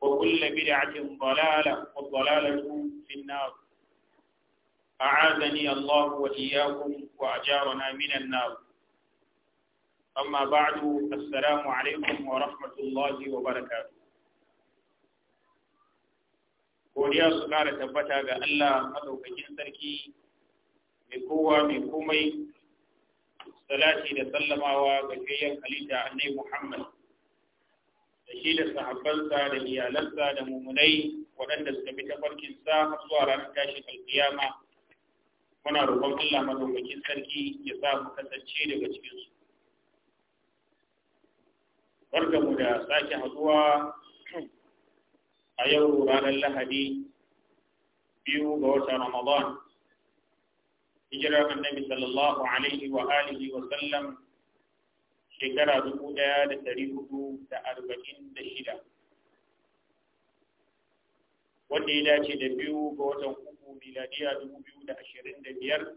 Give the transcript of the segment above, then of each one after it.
Ka kunna mida cacin mu bala la duniya na wasu, ko na na? Haazani, Allahu waddiya kun ku na Amma ba'adu ka saramu Alaykun wa rahmatullahi wa barkatu. Godiya suka da tabbata ga Allah maza sarki me kowa mai komai. salati da Sallamawa ga kaiyan alina a nai muhammad. da shi da sahabbansa da iyalansa da mumunai waɗanda suka bi farkin sa har zuwa ranar tashin alkiyama muna roƙon Allah madaukakin sarki ya sa mu kasance daga cikin su mu da sake haɗuwa a yau ranar Lahadi biyu ga watan Ramadan hijira annabi sallallahu alaihi wa alihi wa sallam shekara dubu ɗaya da ɗari hudu da arba'in da shida wanda ya dace da biyu ga watan uku miladiya dubu biyu da ashirin da biyar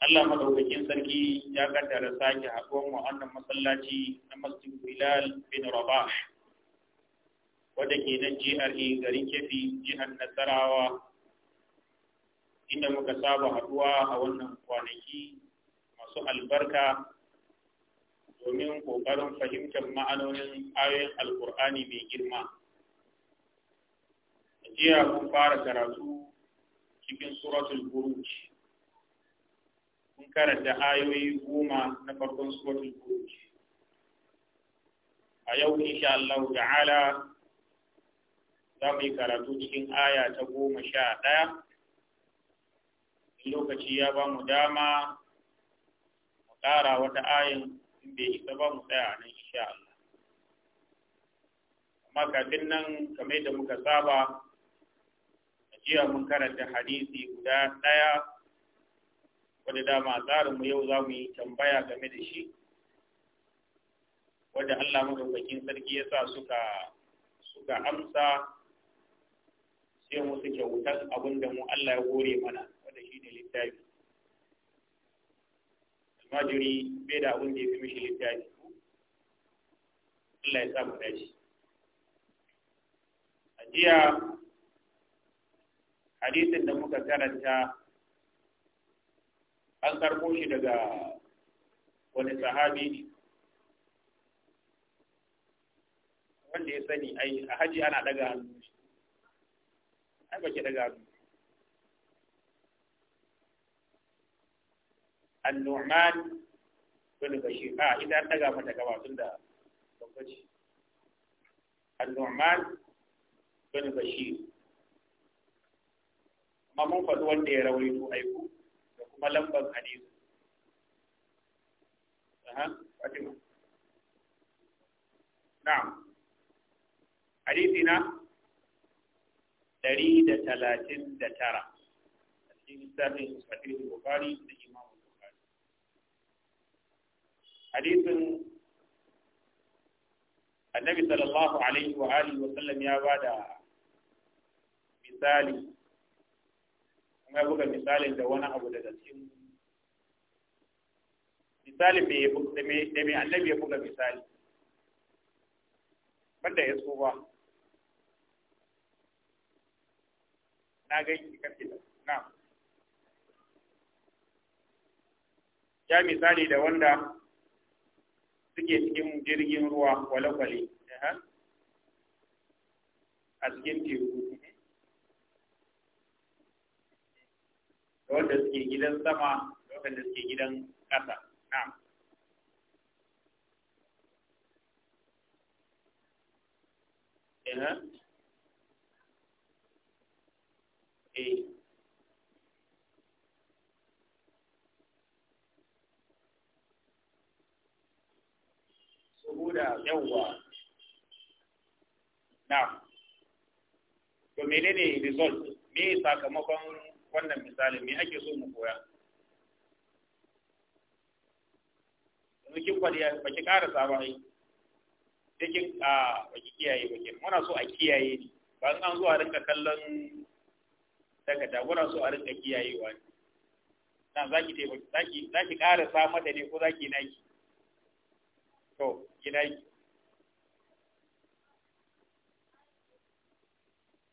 Allah madaukakin sarki ya kaddara sake haɗuwar wa'annan masallaci na masjid Bilal bin Rabah wanda ke nan GRA garin Kefi jihar Nasarawa inda muka saba haɗuwa a wannan kwanaki masu albarka domin ƙoƙarin fahimtar ma'anonin ayoyin alƙur'ani mai girma jiya kun fara karatu cikin suratul buruj kun karanta ayoyi goma na farkon suratul buruj a yau insha Allah ta'ala za mu yi karatu cikin aya ta goma sha ɗaya lokaci ya ba mu dama mu ƙara wata ayin bai isa ba mu tsaya nan insha Allah amma kafin nan kamar da muka saba ajiya mun karanta hadisi guda ɗaya wanda dama tsarin mu yau za mu yi tambaya game da shi wanda Allah madaukakin sarki ya sa suka suka amsa sai mu suke wutar abin mu Allah ya gore mana wanda shi ne littafi almajiri bai da abin da ya fi mishi littafi Allah ya sa mu dace a jiya hadisin da muka karanta an karko shi daga wani sahabi ne wanda ya sani ai a haji ana daga hannu ai baki daga hannu annu'man bin bashir a ah, ita an daga mata gaba tun da babbaci annu'man bin bashir amma mun faɗi wanda ya ko aiku da kuma lambar hadisi aha fatima na'am hadisi na ɗari da talatin da tara a cikin lissafin sahihul bukhari da hadisin annabi sallallahu alaihi wa alihi wa sallam ya bada misali kuma ya buga misalin da wani abu daga cikin misali da mai annabi ya buga misali banda ya so ba na ga yi kafin na ya misali da wanda suke cikin jirgin ruwa kwale-kwale a cikin teku da wanda suke gidan sama da wanda suke gidan ƙasa na Eh. huda yawwa na to menene result me sakamakon wannan misali me ake so mu koya yanzu kin kwaliya ba ki ƙara saba ai sai kin a ba ki kiyaye ba kin muna so a kiyaye ni ba an zo a rinka kallon daga da muna so a rinka kiyayewa ne na zaki taimaki zaki zaki ƙara sa mata ne ko zaki naki to ina yi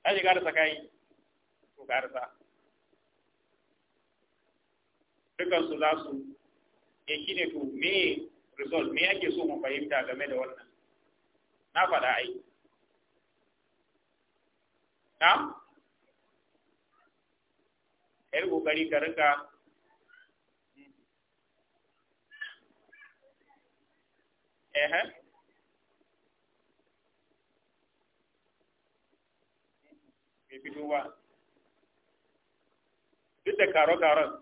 ai shiga da sakai to karsa dukan su za su ya eh, shi ne to me result me ake so mu fahimta game da wannan na faɗa ai na yar kokari ka rinka Ehe. Mai fitowa. Duk da karo-karon,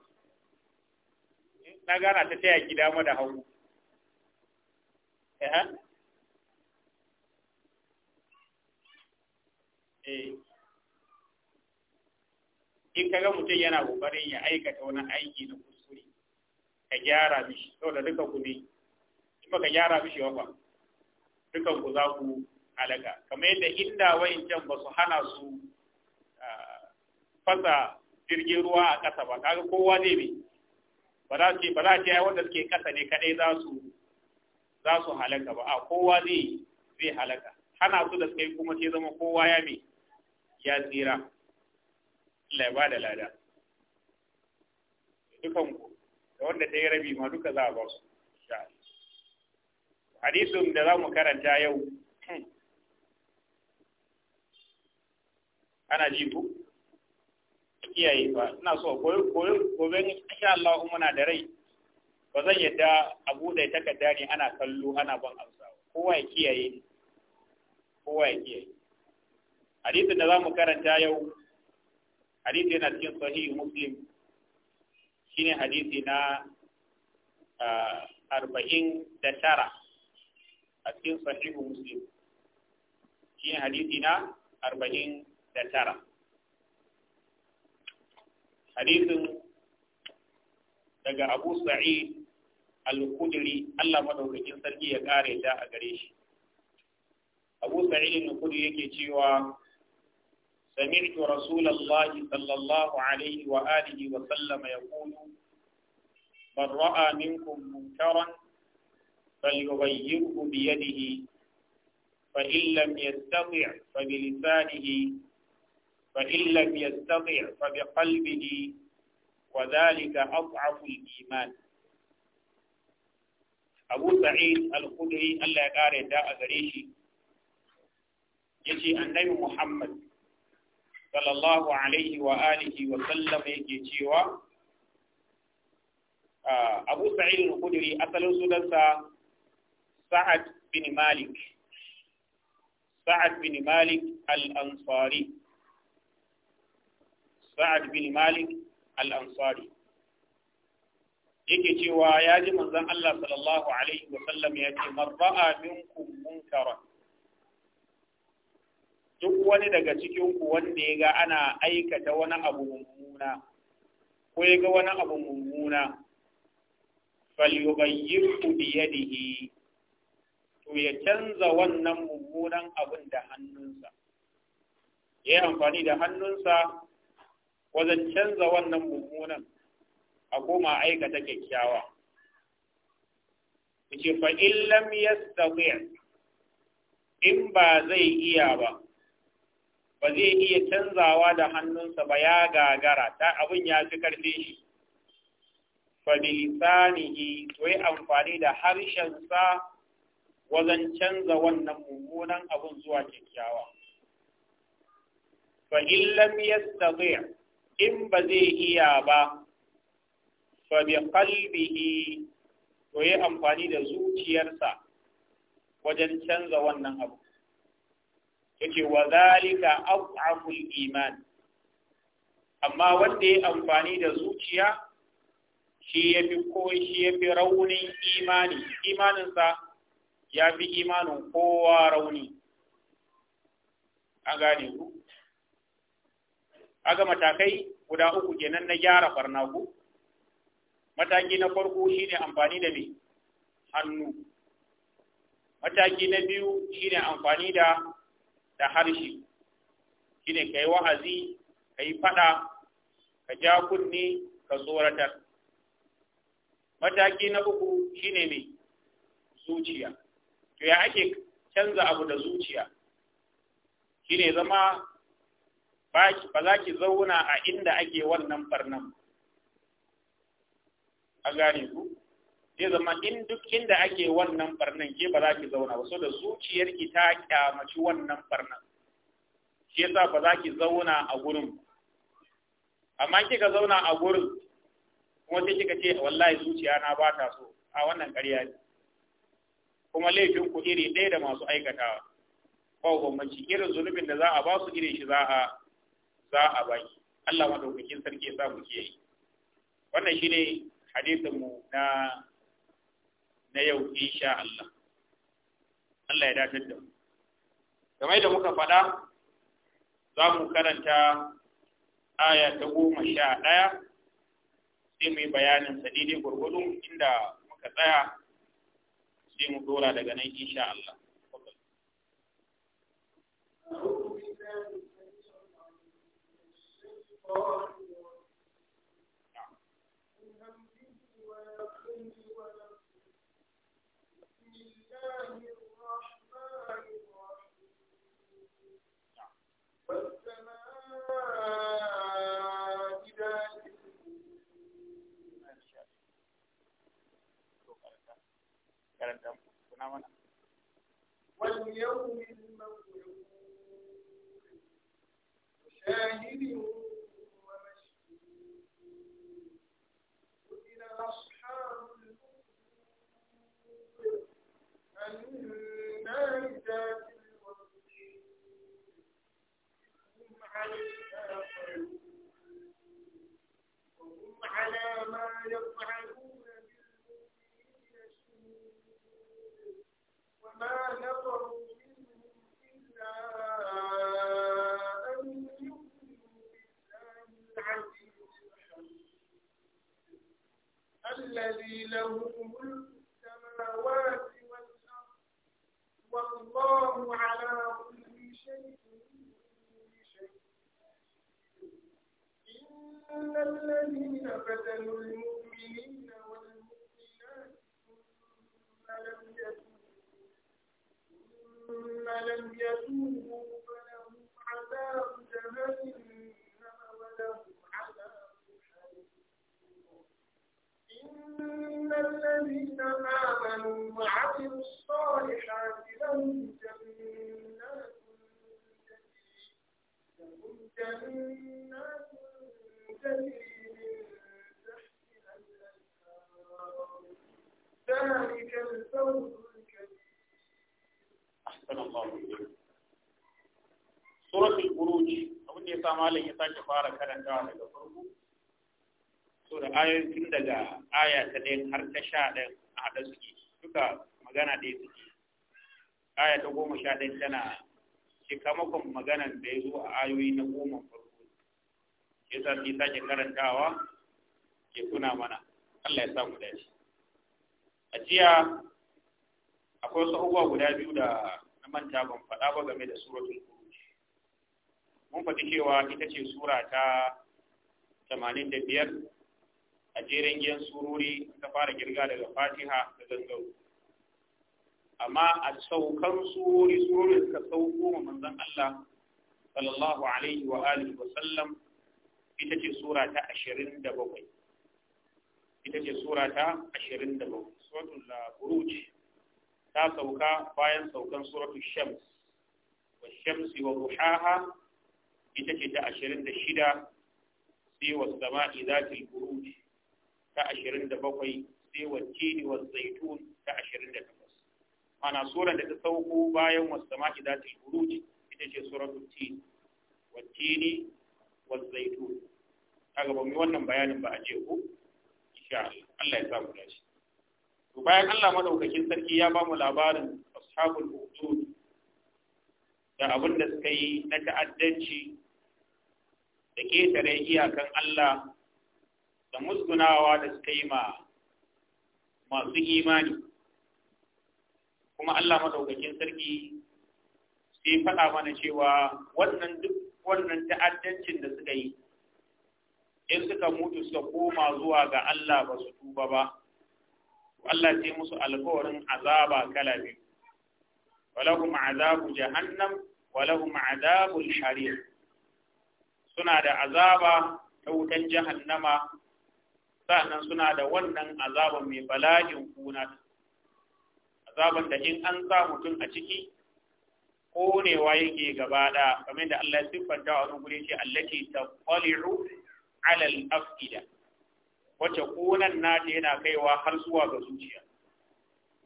na gana ta taya ki dama da hagu. Ehe. Eh. In ga mutum yana ƙoƙarin ya aikata wani aiki na kuskure, ka gyara mishi, saboda duka ku ne. baka gyara mishi ba dukan ku za ku halaka kamar yadda inda can ba su hana su fasa jirgin ruwa a ƙasa ba kaga kowa zai bi ba za ce ba za ce ai wanda suke ƙasa ne kadai za su za su halaka ba a kowa zai zai halaka hana su da suka yi kuma sai zama kowa ya mai ya tsira laiba da lada dukan ku da wanda ta yi rabi ma duka za a ba su hadisun da za mu karanta yau ana ji ku kiyaye ba ina so gobe insha Allah muna da rai ba zan yadda a buɗe takarda ne ana kallo ana ban amsa kowa ya kiyaye kowa ya kiyaye hadisin da za mu karanta yau hadisi yana cikin sahihi muslim shine hadisi na ah, arba'in da tara a cikin sahihu muslim shi ne hadisi na arba'in da tara hadisin daga abu sa'id al-kudri Allah madaukakin sarki ya ƙare da a gare shi abu sa'id al-kudri yake cewa سمعت رسول الله صلى الله عليه وآله وسلم يقول من رأى منكم منكرا فليغيره بيده فإن لم يستطع فبلسانه فإن لم يستطع فبقلبه وذلك أضعف الإيمان أبو سعيد الخدري الله يقارئ داء غريشي يجي النبي محمد صلى الله عليه وآله وسلم يجي cewa Abu Sa'id al-Khudri asalin sunansa sa'ad bin malik al-ansari sa'ad cewa ya ji manzon Allah sallallahu ya ce duk wani daga cikinku wanda ya ga ana aikata wani abu mummuna ko ya ga wani abu mummuna falyughayyirhu bi to ya canza wannan mummunan abin da hannunsa ya yi amfani da hannunsa wajen canza wannan mummunan a koma aikata kyakkyawa ce fa illam ya in ba zai iya ba ba zai iya canzawa da hannunsa ba ya gagara ta abin ya fi karfe shi fa bilisanihi to yi amfani da harshensa wajen canza wannan mummunan abun zuwa kyakkyawa fa in lam in ba zai iya ba fa bi qalbihi to yi amfani da zuciyarsa wajen canza wannan abu yake wa zalika abu iman amma wanda ya amfani da zuciya shi ya fi ko shi ya fi raunin imani imaninsa ya fi imanin kowa rauni a gane ku aga matakai guda uku kenan na gyara barna ku mataki na farko shine amfani da me hannu mataki na biyu shine amfani da da harshe shine kai wa'azi kai fada ka ja kunni ka tsoratar mataki na uku shine me zuciya to ya ake canza abu da zuciya shine zama ba za ki zauna a inda ake wannan barnan a gane ku zai zama in duk inda ake wannan barnan ke ba za ki zauna ba so da zuciyarki ta kyamaci wannan barnan shi yasa ba za ki zauna a gurin amma kika zauna a gurin kuma sai kika ce wallahi zuciya na ba ta so a wannan ƙarya ne kuma laifin ku iri ɗaya da masu aikatawa ba bambanci irin zunubin da za a ba su irin shi za a za a baki Allah madaukakin sarki ya sa mu kiyaye wannan shine hadisin mu na na yau insha Allah Allah ya dace da mu kamar yadda muka faɗa za mu karanta aya ta goma sha ɗaya sai mu yi bayanin sa daidai gwargwadon inda muka tsaya sai mu dora daga nan insha Allah Thank karanta kuna شاهد ومشهود قتل أصحاب النار ذات وهم على ما يقولون الذي له ملك السماوات والأرض والله على كل شيء إن الذين فتنوا المؤمنين ثم لم يتوبوا فلهم عذاب جهنم ولهم عذاب إن الذين آمنوا وعملوا الصالحات لهم جنات لهم تجري من تحتها الأنهار ذلك الفوز sallallahu alaihi wasallam suratul buruj abin da sa malam ya sake fara karantawa daga farko so da ayoyin tun daga aya ta ɗaya har ta sha ɗaya a haɗa suke duka magana ɗaya suke aya ta goma sha ɗaya tana cikamakon maganan da ya zo a ayoyi na goma farko ya sa yasa sai sake karantawa ya tuna mana Allah ya samu dace a jiya akwai wasu guda biyu da manta ban faɗa ba game da suratul furuj mun faɗi cewa ita ce sura ta biyar a jerin giyan sururi ta fara girga daga fatiha da gangaro amma a saukan sururi sururi suka sauko ma manzon Allah sallallahu alaihi wa alihi wa sallam ita ce sura ta 27 ita ce sura ta 27 suratul furuj ta sauka bayan saukan suratul shams wa shamsi wa ruhaha ita ce ta ashirin da shida sai wa sama'i zatil buruj ta ashirin da bakwai sai wa tini wa zaitun ta ashirin da takwas mana suran da ta sauko bayan wa sama'i zatil buruj ita ce suratul tini wa tini wa zaitun kaga ba mu wannan bayanin ba a je ko insha Allah Allah ya samu dace to bayan Allah madaukakin sarki ya ba mu labarin ashabul ukhdud da abin da suka yi na ta'addanci da ketare iyakan Allah da musgunawa da suka yi ma masu imani kuma Allah madaukakin sarki sai faɗa mana cewa wannan duk wannan ta'addancin da suka yi in suka mutu suka koma zuwa ga Allah ba su tuba ba Allah sai musu alkawarin azaba kala biyu walahum ma'azabu jahannam walahum azabul sharir suna da azaba ta wutan jahannama sannan suna da wannan azaban mai bala'in kuna azaban da in an sa mutum a ciki konewa yake gaba da kamar da Allah siffanta a wani gure shi allati taqali'u 'ala al-afida wacce konan nata yana kaiwa har zuwa ga zuciya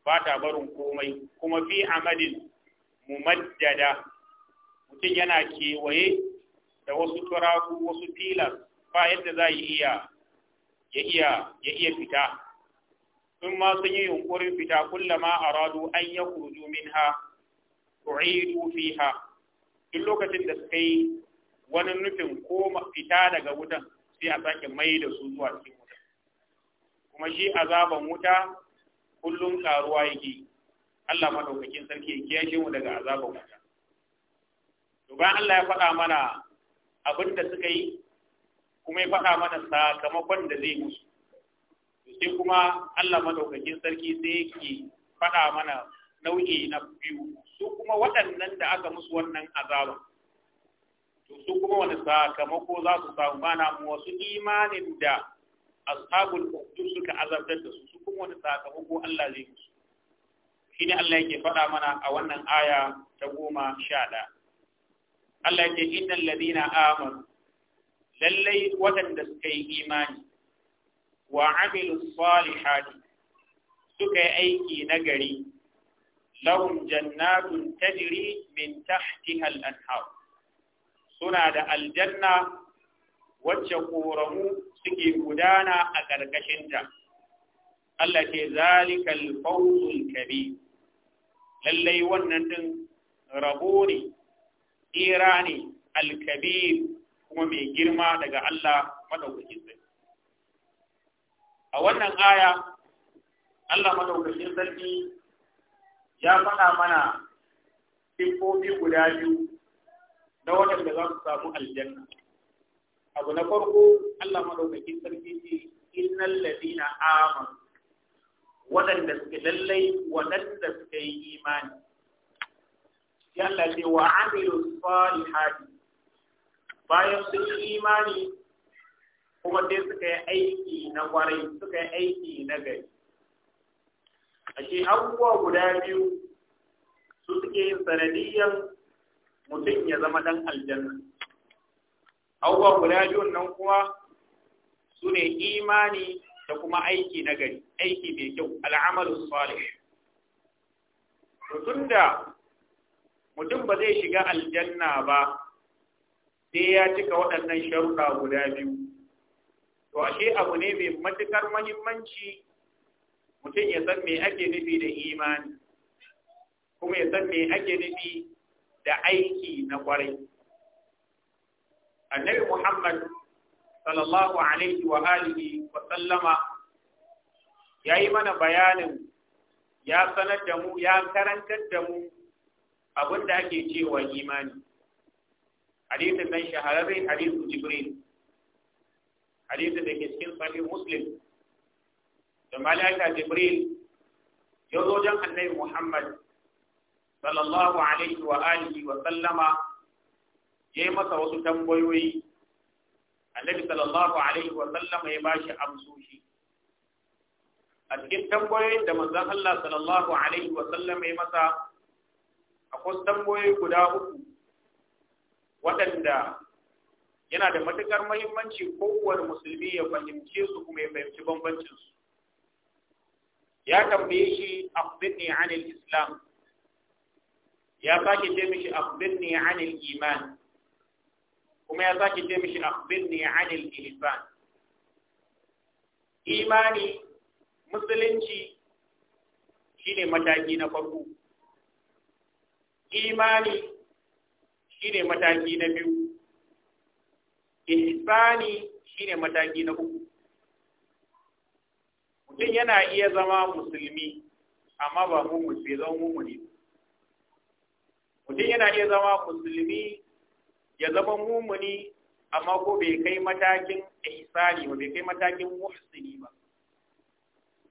ba ta barin komai kuma fi amalin mumaddada mutum yana kewaye da wasu turaku wasu tilas ba yadda za yi iya ya iya ya iya fita sun ma sun yi yunkurin fita kullama aradu an ya kurju minha u'idu fiha duk lokacin da suka yi wani nufin ko fita daga wutan sai a sake mai da su zuwa cikin kuma shi azaban wuta kullum karuwa yake Allah madaukakin sarki ya kiyashe mu daga azaban wuta to bayan Allah ya faɗa mana abin da suka yi kuma ya faɗa mana sakamakon da zai musu sai kuma Allah madaukakin sarki sai yake faɗa mana nau'i na biyu su kuma waɗannan da aka musu wannan azaban to su kuma wani sakamako za su samu mana wasu imanin da ashabul ukhdud suka azabtar da su su kuma wani sakamako Allah zai musu shine Allah yake faɗa mana a wannan aya ta goma sha ɗaya Allah yake innal ladina amanu lallai waɗanda suka yi imani wa amilu salihati suka yi aiki na gari lahum jannatun tajri min tahtiha al-anhar suna da aljanna wacce koramu suke gudana a ƙarƙashinta. Allah ke zalikal fawzul kabi lallai wannan din rabo ne tsira ne alkabir kuma mai girma daga Allah madaukakin a wannan aya Allah madaukakin sarki ya faɗa mana siffofi guda biyu na waɗanda za su samu aljanna abu na farko Allah madaukakin sarki ce innal ladina amanu waɗanda suke lallai waɗanda suka yi imani ya Allah ce wa amilu salihati bayan sun yi imani kuma dai suka yi aiki na ƙwarai, suka yi aiki na gari ashe abubuwa guda biyu su suke yin sanadiyan mutum ya zama dan aljanna abubuwa guda biyun nan kuma su ne imani da kuma aiki na gari aiki mai kyau al'amalu salih to da mutum ba zai shiga aljanna ba sai ya cika waɗannan sharuɗa guda biyu to ashe abu ne mai matukar muhimmanci mutum ya san me ake nufi da imani kuma ya san me ake nufi da aiki na ƙwarai? annabi Muhammad sallallahu alaihi wa alihi wa sallama ya yi mana bayanin ya sanar da mu ya karantar da mu abin da ake cewa imani hadisin nan shahararren hadisin Jibril hadisin da ke cikin sahih Muslim da malaika Jibril ya zo jan annabi Muhammad sallallahu alaihi wa alihi wa sallama yayi masa wasu tambayoyi annabi sallallahu alaihi wa sallam ya bashi amsoshi a cikin tambayoyin da manzon Allah sallallahu alaihi wa sallam ya masa akwai tambayoyi guda uku waɗanda yana da matukar muhimmanci kowar musulmi ya fahimce su kuma ya fahimci bambancin su ya tambaye shi akhbirni anil islam ya sake ce mishi akhbirni anil iman kuma ya sake ce mishi akhbirni anil ihsan imani musulunci shine mataki na farko imani shine mataki na biyu ihsani shine mataki na uku mutum yana iya zama musulmi amma ba mu musulmi zan mu ne mutum yana iya zama musulmi ya zama mumuni amma ko bai kai matakin ihsani ba bai kai matakin muhsini ba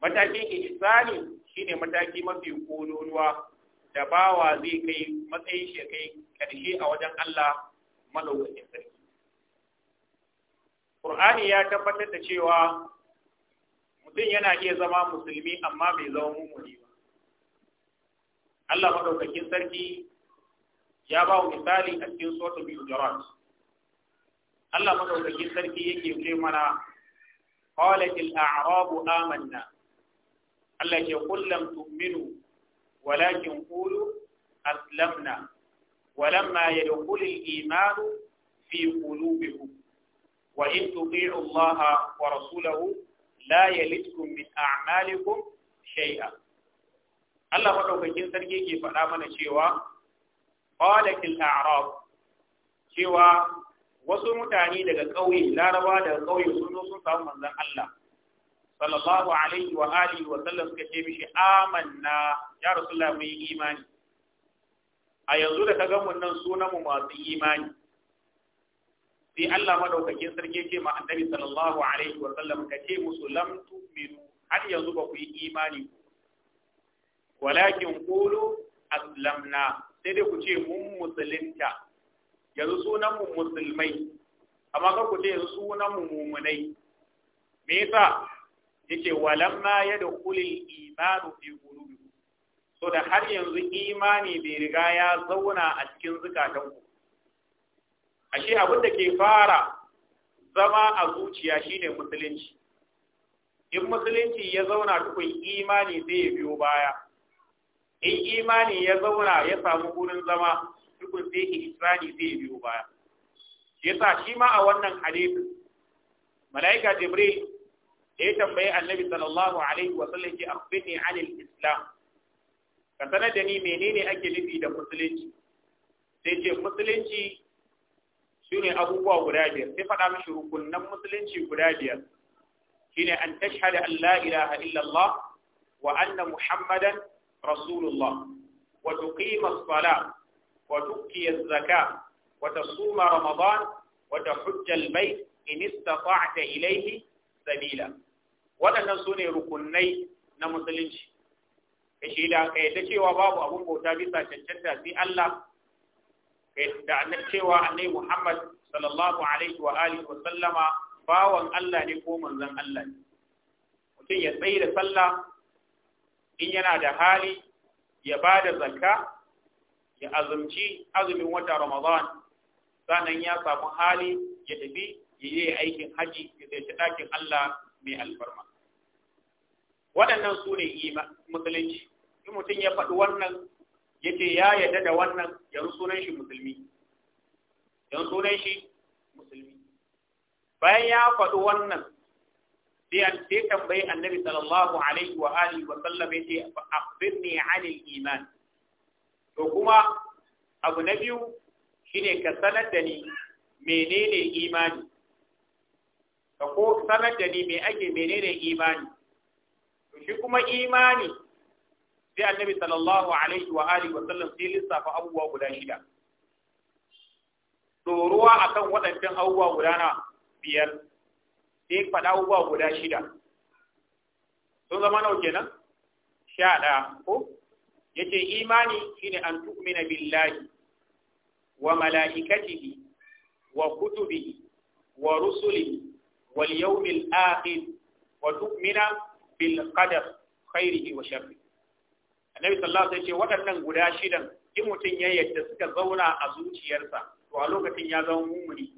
matakin ihsani shine mataki mafi kololuwa da bawa zai kai matsayin shi kai karshe a wajen Allah madaukakin sarki Qur'ani ya tabbatar da cewa mutum yana iya zama musulmi amma bai zama mumuni ba Allah madaukakin sarki ya ba wa misali a cikin suratul hujurat Allah madaukakin sarki yake ce mana qalat al-a'rabu amanna Allah ke kullam tu'minu walakin qulu aslamna ولما يدخل الإيمان في قلوبكم وإن تطيعوا الله ورسوله لا يلدكم من أعمالكم شيئا Allah madaukakin sarki yake faɗa mana cewa qalatil a'rab cewa wasu mutane daga ƙauye laraba daga ƙauye sun zo sun samu manzon Allah sallallahu alaihi wa alihi wa sallam suka ce mishi amanna ya rasulullah mun yi imani a yanzu da ka kaga mun nan sunan mu masu imani sai Allah madaukakin sarki ce ma annabi sallallahu alaihi wa sallam ka ce musu lam tu'minu har yanzu ba ku yi imani walakin qulu aslamna sai dai ku ce mun musulunta yanzu sunan mu musulmai amma kar ku ce yanzu sunan mu mumunai me yasa yake walamma yadkhulul imanu fi qulubi so da har yanzu imani bai riga ya zauna a cikin ku. ashe abin da ke fara zama a zuciya shine musulunci in musulunci ya zauna tukun imani zai biyo baya in imani ya zauna ya samu gurin zama tukun sai ihsani zai biyo baya yasa shi ma a wannan hadisi malaika jibril da ya tambayi annabi sallallahu alaihi wa sallam ki akhbirni anil islam ka sanar da ni menene ake nufi da musulunci sai ce musulunci shine abubuwa guda biyar sai faɗa mishi rukunnan musulunci guda biyar shine an tashhadu an la ilaha illallah wa anna muhammadan rasulullah wa tuqima as-salah wa tuqi az-zakah wa tasuma ramadan wa tahujja al-bayt in istata'ta ilayhi sabila waɗannan su ne rukunai na musulunci kashi da ka yadda cewa babu abun bauta bisa cancanta sai Allah da annabi cewa annabi Muhammad sallallahu alaihi wa sallama bawan Allah ne ko manzon Allah mutum ya tsaye sallah in yana da hali ya ba da zakka ya azumci azumin wata ramadan sannan ya samu hali ya tafi ya yi aikin haji ya zai ɗakin Allah mai alfarma waɗannan su ne musulunci in mutum ya faɗi wannan ya ce ya yarda da wannan 'yan sunan shi musulmi yan sunan shi musulmi bayan ya faɗi wannan sai sai tambayi annabi sallallahu alaihi wa alihi wa sallam yace akhbirni anil iman to kuma abu na biyu shine ka sanar da ni menene imani ka ko sanar da ni me ake menene imani to shi kuma imani sai annabi sallallahu alaihi wa alihi wa sallam sai lissafa abubuwa guda shida doruwa akan waɗancan abubuwa guda na biyar sai faɗa abubuwa guda shida sun zama nau kenan sha ɗaya ko ce imani shine an tu'mina billahi wa mala'ikatihi wa kutubi, wa wa wal mil akhir wa tu'mina bil qadar khairihi wa shafi. annabi sallallahu alaihi ce yace waɗannan guda shidan in mutum ya yadda suka zauna a zuciyarsa to a lokacin ya zama mumuni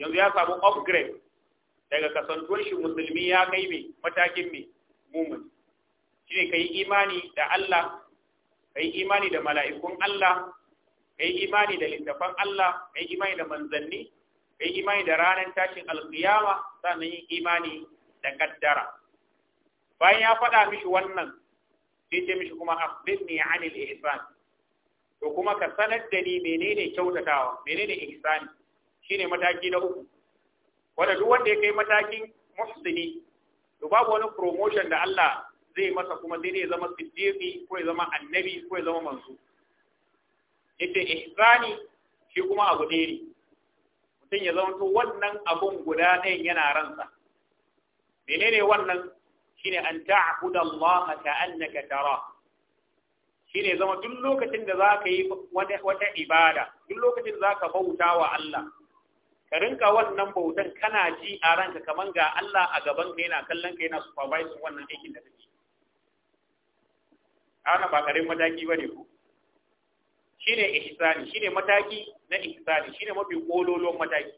yanzu ya samu upgrade daga kasantuwar shi musulmi ya kai mai matakin mai mumin shi ne ka yi imani da Allah ka yi imani da mala'ikun Allah ka yi imani da littafan Allah ka yi imani da manzanni ka yi imani da ranar tashin alkiyama sannan yi imani da kaddara bayan ya faɗa mishi wannan sai ce mishi kuma akhbirni anil ihsan to kuma ka sanar da ni menene kyautatawa menene ihsani shine mataki na uku wanda duk wanda ya kai matakin muhsini to babu wani promotion da Allah zai masa kuma sai dai zama siddiqi ko ya zama annabi ko ya zama manzo ita ihsani shi kuma abu ne ne mutum ya zama to wannan abun guda ɗayan yana ransa menene wannan shine an ta'budu Allah ka'annaka tara shine zama duk lokacin da zaka yi wata ibada duk lokacin da zaka bauta wa Allah ka rinka wannan bautan kana ji a ranka kamar ga Allah a gaban ka yana kallon ka yana supervising wannan aikin da kake ana ba karin mataki bane ko shine ihsani shine mataki na ihsani shine mafi kololon mataki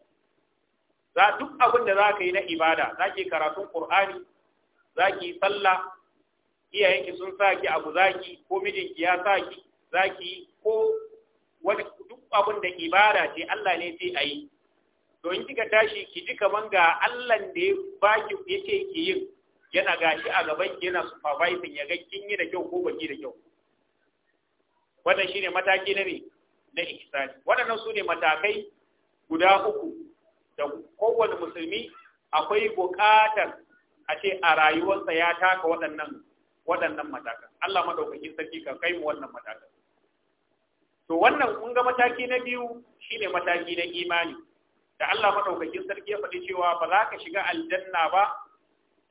za duk abin da za ka yi na ibada za ki karatun ƙur'ani za ki sallah iyayenki sun sa abu za ki ko mijinki ya sa ki za ki ko wani duk abin da ibada ce Allah ne sai ayi yi to in kika tashi ki ji kaman ga Allah da ya baki yace ki yin yana gashi a gaban ki yana supervising ya ga kin yi da kyau ko baki da kyau wannan shine mataki na ne na ihsan Wannan su ne matakai guda uku da kowane musulmi akwai buƙatar a ce a rayuwarsa ya taka waɗannan waɗannan matakan Allah madaukakin sarki ka kai mu wannan matakan to wannan kun ga mataki na biyu shine mataki na imani da Allah madaukakin sarki ya faɗi cewa ba za ka shiga aljanna ba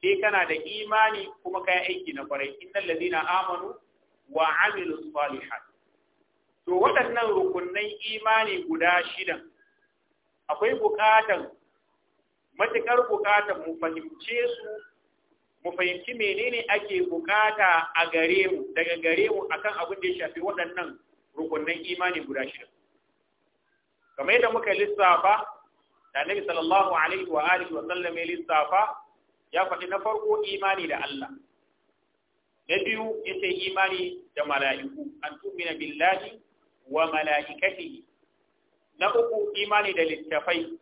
sai kana da imani kuma kai aiki na kwarai innal ladina amanu wa amilu salihat to waɗannan rukunnan imani guda shidan akwai bukatan matukar bukatan mu fahimce su mu fahimci menene ake bukata a gare mu daga gare mu akan abin da ya shafi waɗannan rukunnan imani guda shida. kamar yadda muka lissafa da annabi sallallahu alaihi wa alihi wa sallam ya lissafa ya faɗi na farko imani da Allah na biyu yace imani da mala'iku an tumina billahi wa mala'ikatihi na uku imani da littafai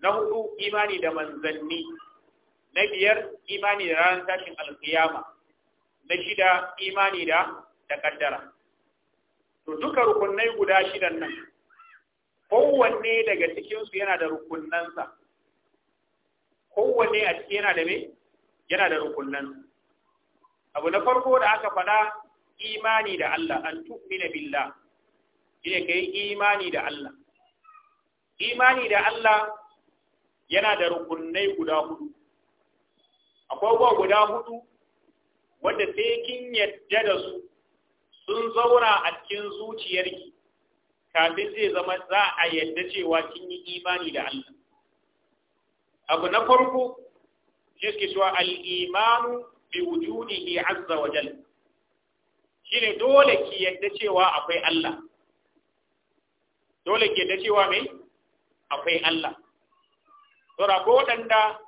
na hudu imani da manzanni na biyar imani da ranar tashin alkiyama na shida imani da takaddara. to duka rukunnai guda shidan nan kowanne daga cikinsu yana da rukunansa kowanne a ciki yana da me yana da rukunansa abu na farko da aka faɗa imani da Allah an tu'mina billah shine kai imani da Allah imani da Allah yana da rukunai guda hudu akwai ba guda hudu wanda sai kin yadda da su sun zauna a cikin zuciyarki kafin zai zama za a yadda cewa kin yi imani da Allah abu na farko shi suke cewa al-imanu bi wujudihi azza wa jalla ne dole ki yadda cewa akwai Allah dole ki yadda cewa me akwai Allah sura ko danda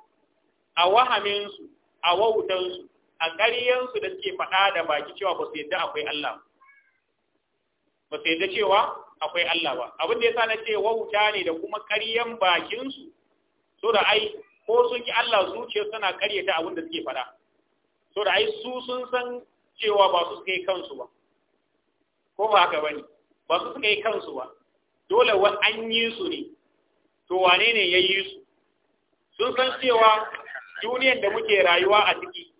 a wahamin su a wautan su a ƙaryan su da suke faɗa da baki cewa ba su yadda akwai Allah ba su yadda cewa akwai Allah ba abin da yasa na ce wauta ne da kuma ƙaryan bakin su so da ai ko sun ki Allah zuciya suna ƙaryata abin da suke faɗa so da ai su sun san cewa ba su suka yi kansu ba ko ba haka bane ba su suka yi kansu ba dole wa an yi su ne to wane ne ya yi su sun san cewa duniyar da muke rayuwa a ciki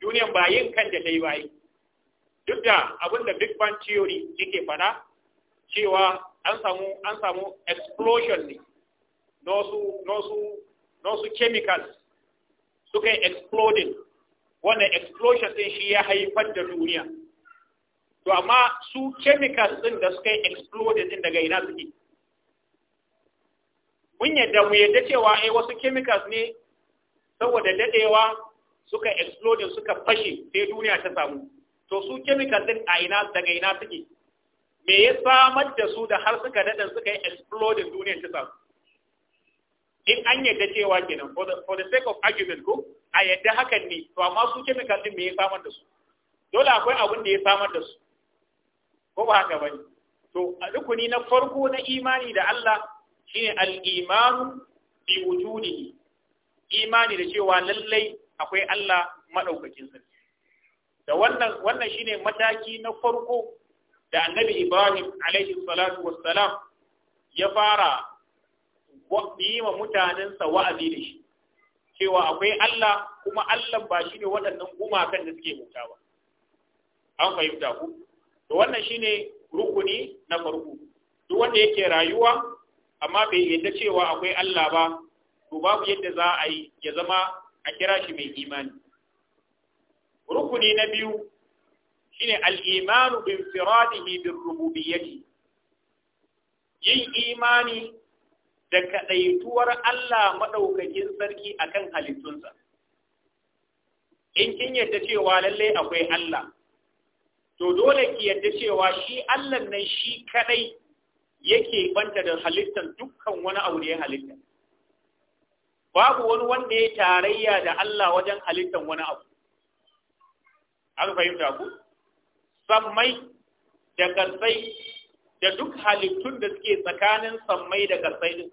duniyar ba yin kan da ta yi ba yi duk da abin da big bang theory yake faɗa cewa an samu an samu explosion ne na wasu chemicals suka yi exploding wannan explosion din shi ya haifar da duniya to amma su chemicals din da suka yi exploding din daga ina suke mun yadda mu yadda cewa ai eh, wasu chemicals ne saboda dadewa suka exploding suka fashe sai duniya ta samu to su chemicals din a ina daga ina suke me ya samar da su da har suka dada suka yi exploding duniyar ta samu in an yadda cewa kenan for the sake of argument ko a yadda hakan ne to amma su chemical din me ya samar da su dole akwai abin da ya samar da su ko ba haka bane to rukuni na farko na imani da Allah shine al-imanu bi wujudihi imani da cewa lallai akwai Allah madaukakin sarki da wannan wannan shine mataki na farko da annabi Ibrahim alaihi salatu wassalam ya fara yi wa mutanensa wa'azi da shi, cewa akwai Allah kuma Allah ba shi ne waɗannan gumakan da suke muta ba. An fahimta ku? To wannan shine rukuni na farko, duk wanda yake rayuwa amma bai yadda cewa akwai Allah ba, to babu yadda za a yi ya zama a kira shi mai imani. Rukuni na biyu shine al-imanu bi infiradihi bir rububiyyati yin imani da kadaituwar Allah maɗaukakin sarki akan halittunsa in kin yadda cewa lalle akwai Allah to dole ki yadda cewa shi Allah nan shi kadai yake banta da halittar dukkan wani abu da ya halitta babu wani wanda ya tarayya da Allah wajen halittar wani abu an fahimta ku sammai da gasai da duk halittun da suke tsakanin sammai da gasai din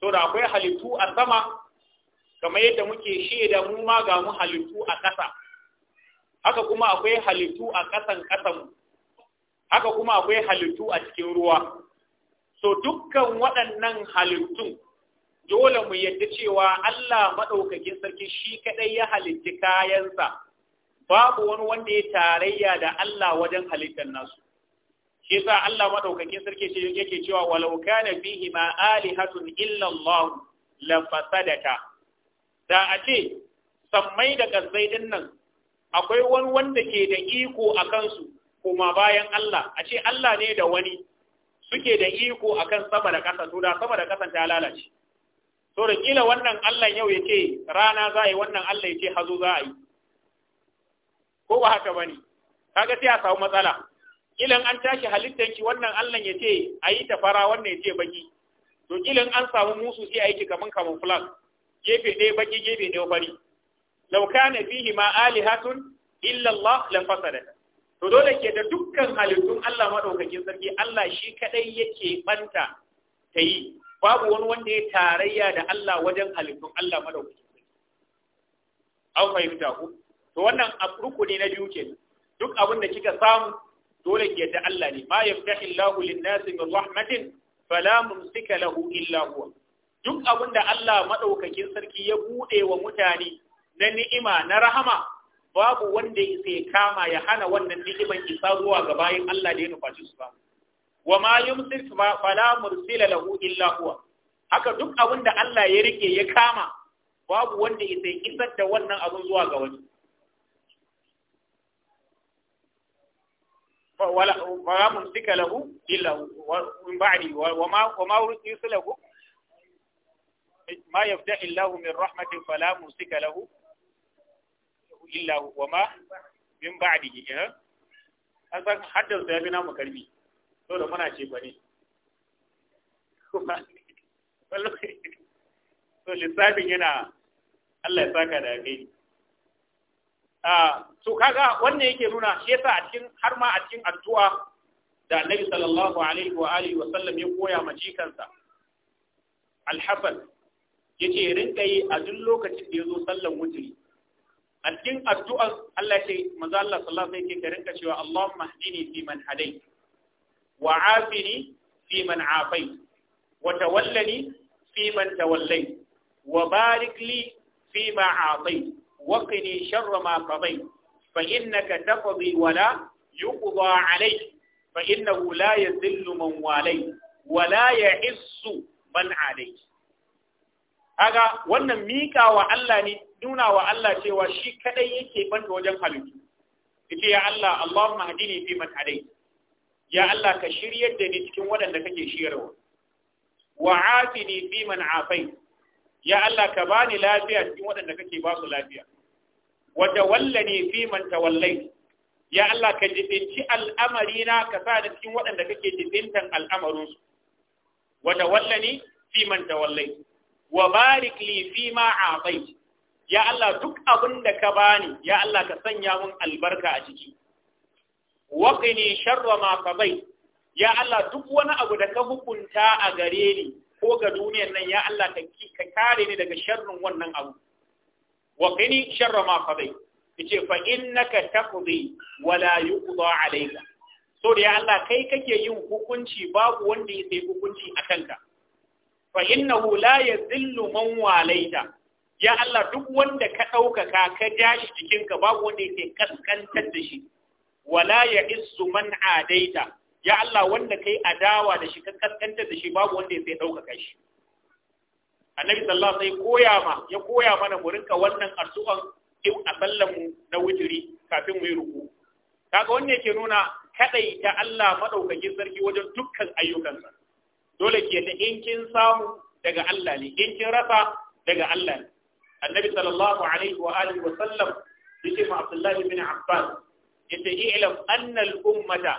so da akwai halittu a sama kamar yadda muke shaida mu ma ga mu halittu a ƙasa haka kuma akwai halittu a ƙasan ƙasan haka kuma akwai halittu a cikin ruwa so dukkan waɗannan halittun dole mu yadda cewa Allah maɗaukakin sarki shi kaɗai ya halitti kayansa babu wani wanda ya tarayya da Allah wajen halittar nasu shi yasa Allah madaukakin sarki shi yake cewa walau kana fihi ma alihatun illa Allah la fasadata da a ce sammai da kasai din nan akwai wani wanda ke da iko a kansu kuma bayan Allah a ce Allah ne da wani suke da iko akan sama da kasa to da sama da kasa ta lalace to da kila wannan Allah yau yake rana za yi wannan Allah yake hazo za yi ko ba haka bane kaga sai a samu matsala ilan an tashi halittar ki wannan Allah ya ce ayi ta fara wannan ya ce baki to ilan an samu musu sai ayi yi kaman kaman flag gefe ɗaya baki gefe ɗaya fari law kana fihi ma alihatun illa Allah lan fasada to dole ke da dukkan halittun Allah madaukakin sarki Allah shi kadai yake banta ta yi babu wani wanda ya tarayya da Allah wajen halittun Allah madaukakin sarki an fahimta ku to wannan rukuni na biyu ke duk abin da kika samu dole ke da Allah ne ma yaftahi Allahu lin-nasi min rahmatin fala mumsika lahu illa huwa duk abin da Allah madaukakin sarki ya bude wa mutane na ni'ima na rahama babu wanda ya kama ya hana wannan ni'iman isa zuwa ga bayin Allah da ya nufaci su ba wa ma yumsik fala mursila lahu illa huwa haka duk abin da Allah ya rike ya kama babu wanda ya isar da wannan abin zuwa ga wani wala mumsika lahu illa min ba'di wa ma wa ma yusilahu ma yafda illahu min rahmatin fala mumsika lahu illa wa ma min ba'di eh asan haddar da yafi namu karbi to da muna ce bane to lissafin yana Allah ya saka da kai Ah, to kaga wannan yake nuna shi yasa a cikin har ma a cikin addu'a da Annabi sallallahu alaihi wa alihi wa sallam ya koya ma jikansa Al-Hasan yace rinka yi a duk lokacin da yazo sallan wutri a cikin addu'a Allah ce manzo Allah sallallahu alaihi yake rinka cewa Allahumma hdini fi man hadai wa afini fi man wa tawallani fi man tawallai wa barik li fi ma وقني شر ما قضيت فإنك تقضي ولا يقضى عليك فإنه لا يذل من واليت ولا يعز من عليك kaga wannan mika wa Allah ne nuna wa Allah cewa shi kadai yake banta wajen halittu yace ya Allah Allahumma hadini fi man hadai ya Allah ka shiryar da ni cikin waɗanda kake shiyarwa wa afini fi man afai ya Allah ka bani lafiya cikin waɗanda kake ba su lafiya wa tawallani fi man wallai. ya Allah ka jibinci al'amarina ka sa da cikin waɗanda kake jibintan al'amarinsu wa tawallani fi man tawallai wa barik li fi ma a'tai ya Allah duk abin da ka bani ya Allah ka sanya mun albarka a ciki wa qini sharra ma ya Allah duk wani abu da ka hukunta a gare ni ko ga duniyar nan ya Allah ka kare ni daga sharrin wannan abu wa qini sharra ma qadai yace fa innaka taqdi wa la yuqda alayka so da Allah kai kake yin hukunci babu wanda yake hukunci a kanka fa innahu la yadhillu man walaita ya Allah duk wanda ka ɗaukaka ka ja shi jikinka babu wanda yake kaskantar da shi wala ya izzu man adaita ya Allah wanda kai adawa da shi ka kaskantar da shi babu wanda yake ɗaukaka shi annabi sallallahu alaihi koya ma ya koya mana mu rinka wannan addu'an in a sallan mu na witiri kafin mu yi ruku kaga wannan yake nuna kadai ta Allah madaukakin sarki wajen dukkan ayyukansa dole ke da in kin samu daga Allah ne in kin rasa daga Allah ne annabi sallallahu alaihi wa alihi wa sallam yace ma Abdullah ibn Abbas yace i'lam anna al-ummata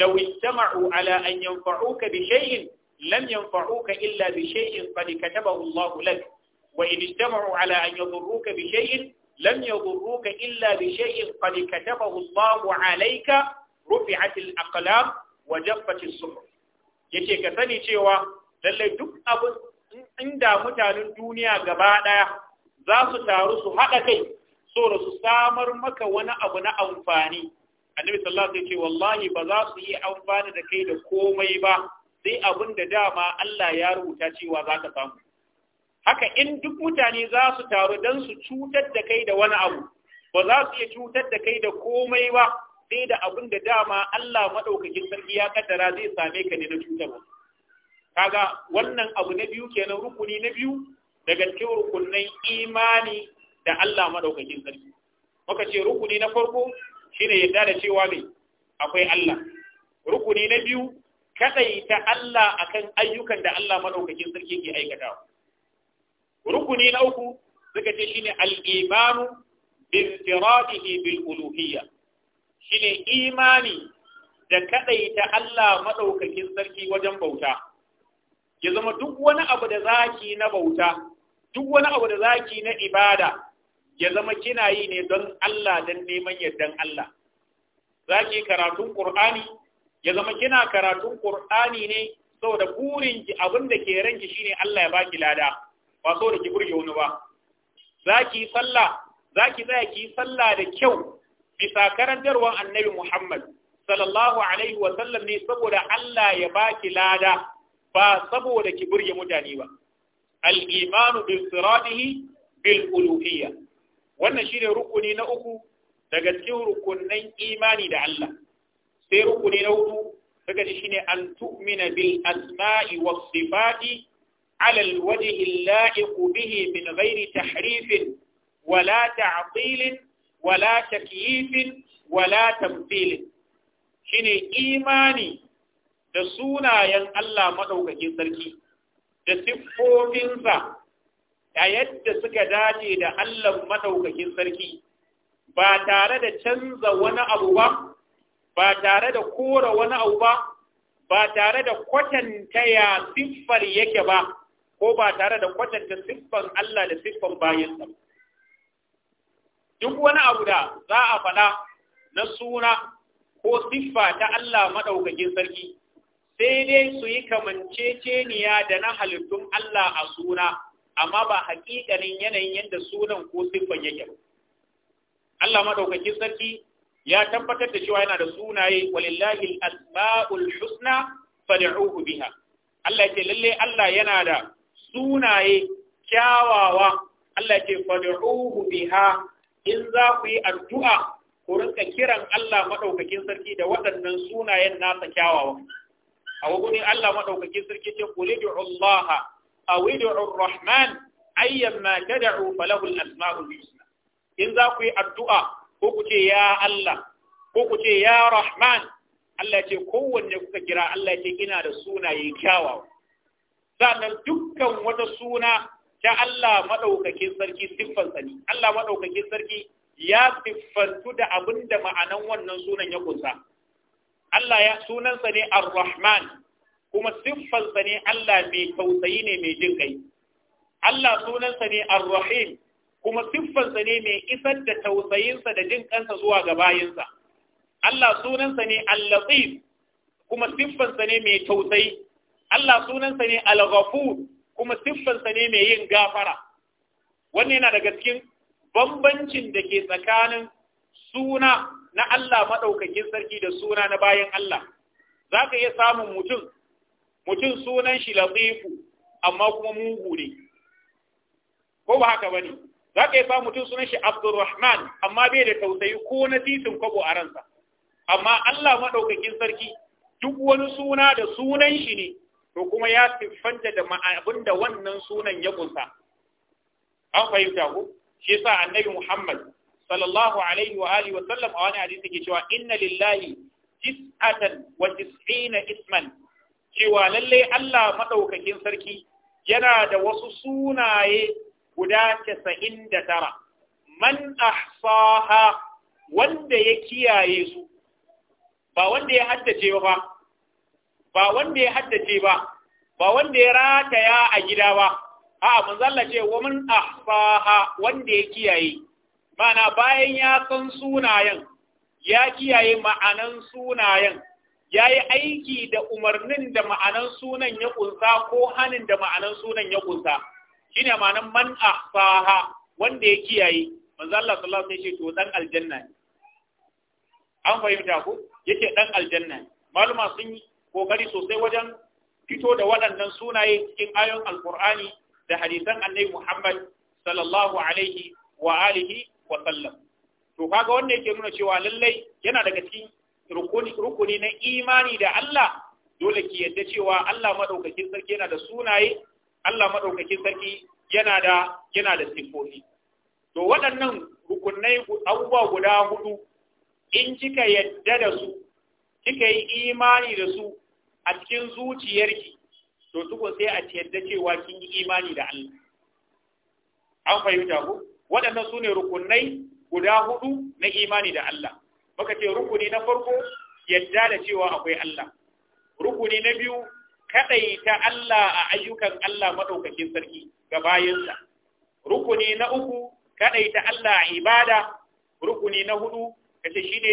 law ijtama'u ala an yanfa'uka bi shay'in lam yanfa'uka illa bi shay'in qad katabahu Allah lak wa in ijtama'u ala an yadurruka bi shay'in illa bi shay'in qad katabahu Allah alayka rufi'at al-aqlam wa jaffat as yace ka cewa lallai duk abin inda mutanen duniya gaba ɗaya za su taru su haɗa kai so da su samar maka wani abu na amfani annabi sallallahu alaihi wasallam wallahi ba za su yi amfani da kai da komai ba sai abin da dama Allah ya rubuta cewa za ka samu haka in duk mutane za su taru don su cutar da kai da wani abu ba za su iya cutar da kai da komai ba sai da abin da dama Allah maɗaukakin sarki ya kaddara zai same ka ne na cutarwa kaga wannan abu na biyu kenan rukuni na biyu daga cikin rukunin imani da Allah maɗaukakin sarki muka ce rukuni na farko shine yadda da cewa ne akwai Allah rukuni na biyu ta Allah akan ayyukan da Allah maɗaukakin sarki ke aikata rukuni na uku suka ce shine al-imanu bi intiradihi bil uluhiyya shine imani da ta Allah maɗaukakin sarki wajen bauta ya zama duk wani abu da zaki na bauta duk wani abu da zaki na ibada ya zama kina yi ne don Allah don neman yardan Allah zaki karatun Qur'ani ya zama kina karatun Qur'ani ne saboda burin ki abinda da ke ranki shine Allah ya baki lada ba saboda ki burge wani ba zaki sallah zaki tsaya ki sallah da kyau bisa karantarwar Annabi Muhammad sallallahu alaihi wa sallam ne saboda Allah ya baki lada ba saboda ki burge mutane ba al-imanu bi siratihi bil uluhiyya wannan shine rukuni na uku daga cikin rukunin imani da Allah sai rukuni na hudu daga ji shine an tu'mina bil asma'i was sifati ala al wajhi al-la'iq bihi min ta tahrif wala ta'til wala takyif wala Shi shine imani da sunayen Allah maɗaukakin sarki da siffofinsa a yadda suka dace da Allah maɗaukakin sarki ba tare da canza wani abu ba ba tare da kora wani abu ba ba tare da kwatanta ya siffar yake ba ko ba tare da kwatanta siffan Allah da siffan bayansa duk wani abu da za a faɗa na suna ko siffa ta Allah maɗaukakin sarki sai dai su yi kamanceceniya da na halittun Allah a suna amma ba hakikanin yanayin yadda sunan ko siffan yake ba Allah maɗaukakin sarki ya tabbatar da cewa yana da sunaye walillahi al-asma'ul husna fad'uhu biha Allah ce lalle Allah yana da sunaye kyawawa Allah ce fad'uhu biha in za ku yi addu'a ku rinka kiran Allah madaukakin sarki da waɗannan sunayen nasa kyawawa a wurin Allah madaukakin sarki ce qul ud'u Allah aw ud'u rahman ayyamma tad'u falahu al-asma'ul husna in za ku yi addu'a ko ku ce ya Allah ko ku ce ya Rahman Allah ce kowanne kuka kira Allah ce ina da sunaye kyawawa sannan dukkan wata suna ta Allah maɗaukakin sarki siffan sani Allah maɗaukakin sarki ya siffantu da abin da ma'anan wannan sunan ya kunsa Allah ya sunansa ne Ar-Rahman kuma siffansa sani Allah mai tausayi ne mai jin kai Allah sunansa ne Ar-Rahim kuma siffansa ne mai isar da tausayinsa da jin kansa zuwa ga bayinsa Allah sunansa ne al-latif kuma siffansa ne mai tausayi Allah sunansa ne al-ghafur kuma siffansa ne mai yin gafara wannan yana daga cikin bambancin da ke tsakanin suna na Allah maɗaukakin sarki da suna na bayan Allah za ka iya samun mutum mutum sunan shi latifu amma kuma mugu ne ko ba haka ba ne za ka yi sa mutum sunan shi Abdulrahman amma bai da tausayi ko na titin kwabo a ransa amma Allah maɗaukakin sarki duk wani suna da sunan shi ne to kuma ya siffanta da abin da wannan sunan ya kunsa an fahimta ku shi yasa annabi Muhammad sallallahu alaihi wa alihi wa sallam a wani hadisi ke cewa inna lillahi tis'atan wa tis'ina isman cewa lallai Allah maɗaukakin sarki yana da wasu sunaye guda casa'in da tara man ahsaha wanda ya kiyaye su ba wanda ya haddace ba ba wanda ya haddace ba ba wanda ya rataya a gida ba a manzalla ce wa man ahsaha wanda ya kiyaye mana bayan ya san sunayen ya kiyaye ma'anan sunayen ya yi aiki da umarnin da ma'anan sunan ya kunsa ko hanin da ma'anan sunan ya kunsa shine ma'anan man ahsaha wanda ya kiyaye manzo Allah sallallahu alaihi wasallam to dan aljanna ne an fahimta ko yake dan aljanna ne maluma sun yi kokari sosai wajen fito da waɗannan sunaye cikin ayon alqur'ani da hadisan annabi Muhammad sallallahu alaihi wa alihi wa sallam to kaga wanda yake nuna cewa lallai yana daga cikin rukuni rukuni na imani da Allah dole ki yadda cewa Allah madaukakin sarki yana da sunaye Allah maɗaukakin sarki yana da yana da sifofi to waɗannan rukunai abubuwa guda hudu in kika yadda da su kika yi imani da su a cikin zuciyarki to tukun sai a yadda cewa kin yi imani da Allah an fahimta ku waɗannan su ne rukunai guda hudu na imani da Allah muka ce rukuni na farko yadda da cewa akwai Allah rukuni na biyu kaɗaita Allah a ayyukan Allah maɗaukakin sarki ga bayansa. Rukuni na uku, kaɗaita Allah a ibada, rukuni na hudu, kace shi ne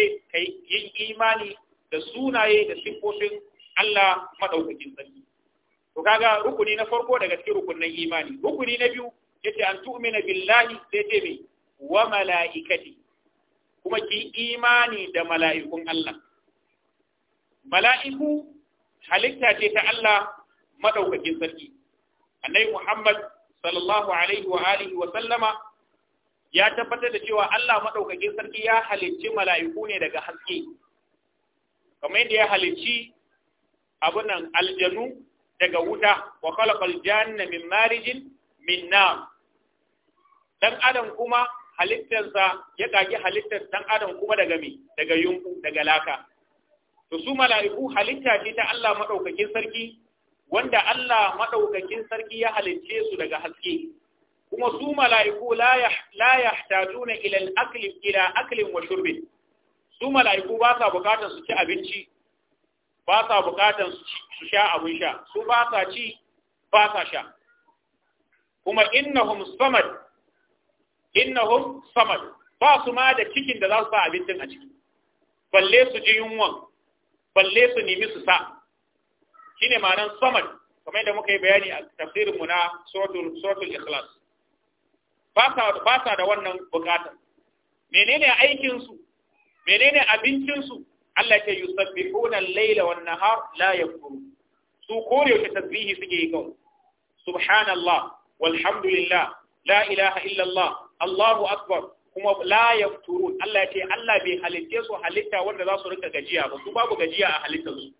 yi imani da sunaye da siffofin Allah maɗaukakin sarki. To kaga rukuni na farko daga cikin rukunin imani, rukuni na biyu yace an tu'mina billahi sai ce me wa mala'ikati kuma ki imani da mala'ikun Allah. Mala'iku halitta ce ta Allah madaukakin sarki annabi Muhammad sallallahu alaihi wa alihi wa sallama ya tabbatar da cewa Allah maɗaukakin sarki ya halicci mala'iku ne daga haske kamar yadda ya halicci abunan aljanu daga wuta wa khalaqal janna min marijin min nar dan adam kuma halittarsa ya kage halittar dan adam kuma daga mi, daga yunku daga laka to su mala'iku halitta ce ta Allah madaukakin sarki wanda Allah madaukakin sarki ya halicce su daga haske kuma su mala'iku la yahtajuna ila al akl ila aklin wa shurb su mala'iku ba sa bukatar su ci abinci ba sa bukatar su sha abin sha su ba sa ci ba sa sha kuma innahum samad innahum samad ba su ma da cikin da za su ba abincin a ciki balle su ji yunwan balle su nemi su sa shine ma'anar samad kamar yadda muka yi bayani a tafsirin mu na suratul ikhlas ba sa da wannan bukata menene aikin su menene abincin su Allah ke yusabbihuna al-laila wan nahar la yakfuru su kore ta tasbihi suke yi kawai subhanallah walhamdulillah la ilaha illallah allahu akbar kuma la ya turu, Allah ya ce Allah bai halitta su halitta wanda za su rika gajiya ba su babu gajiya a halittar su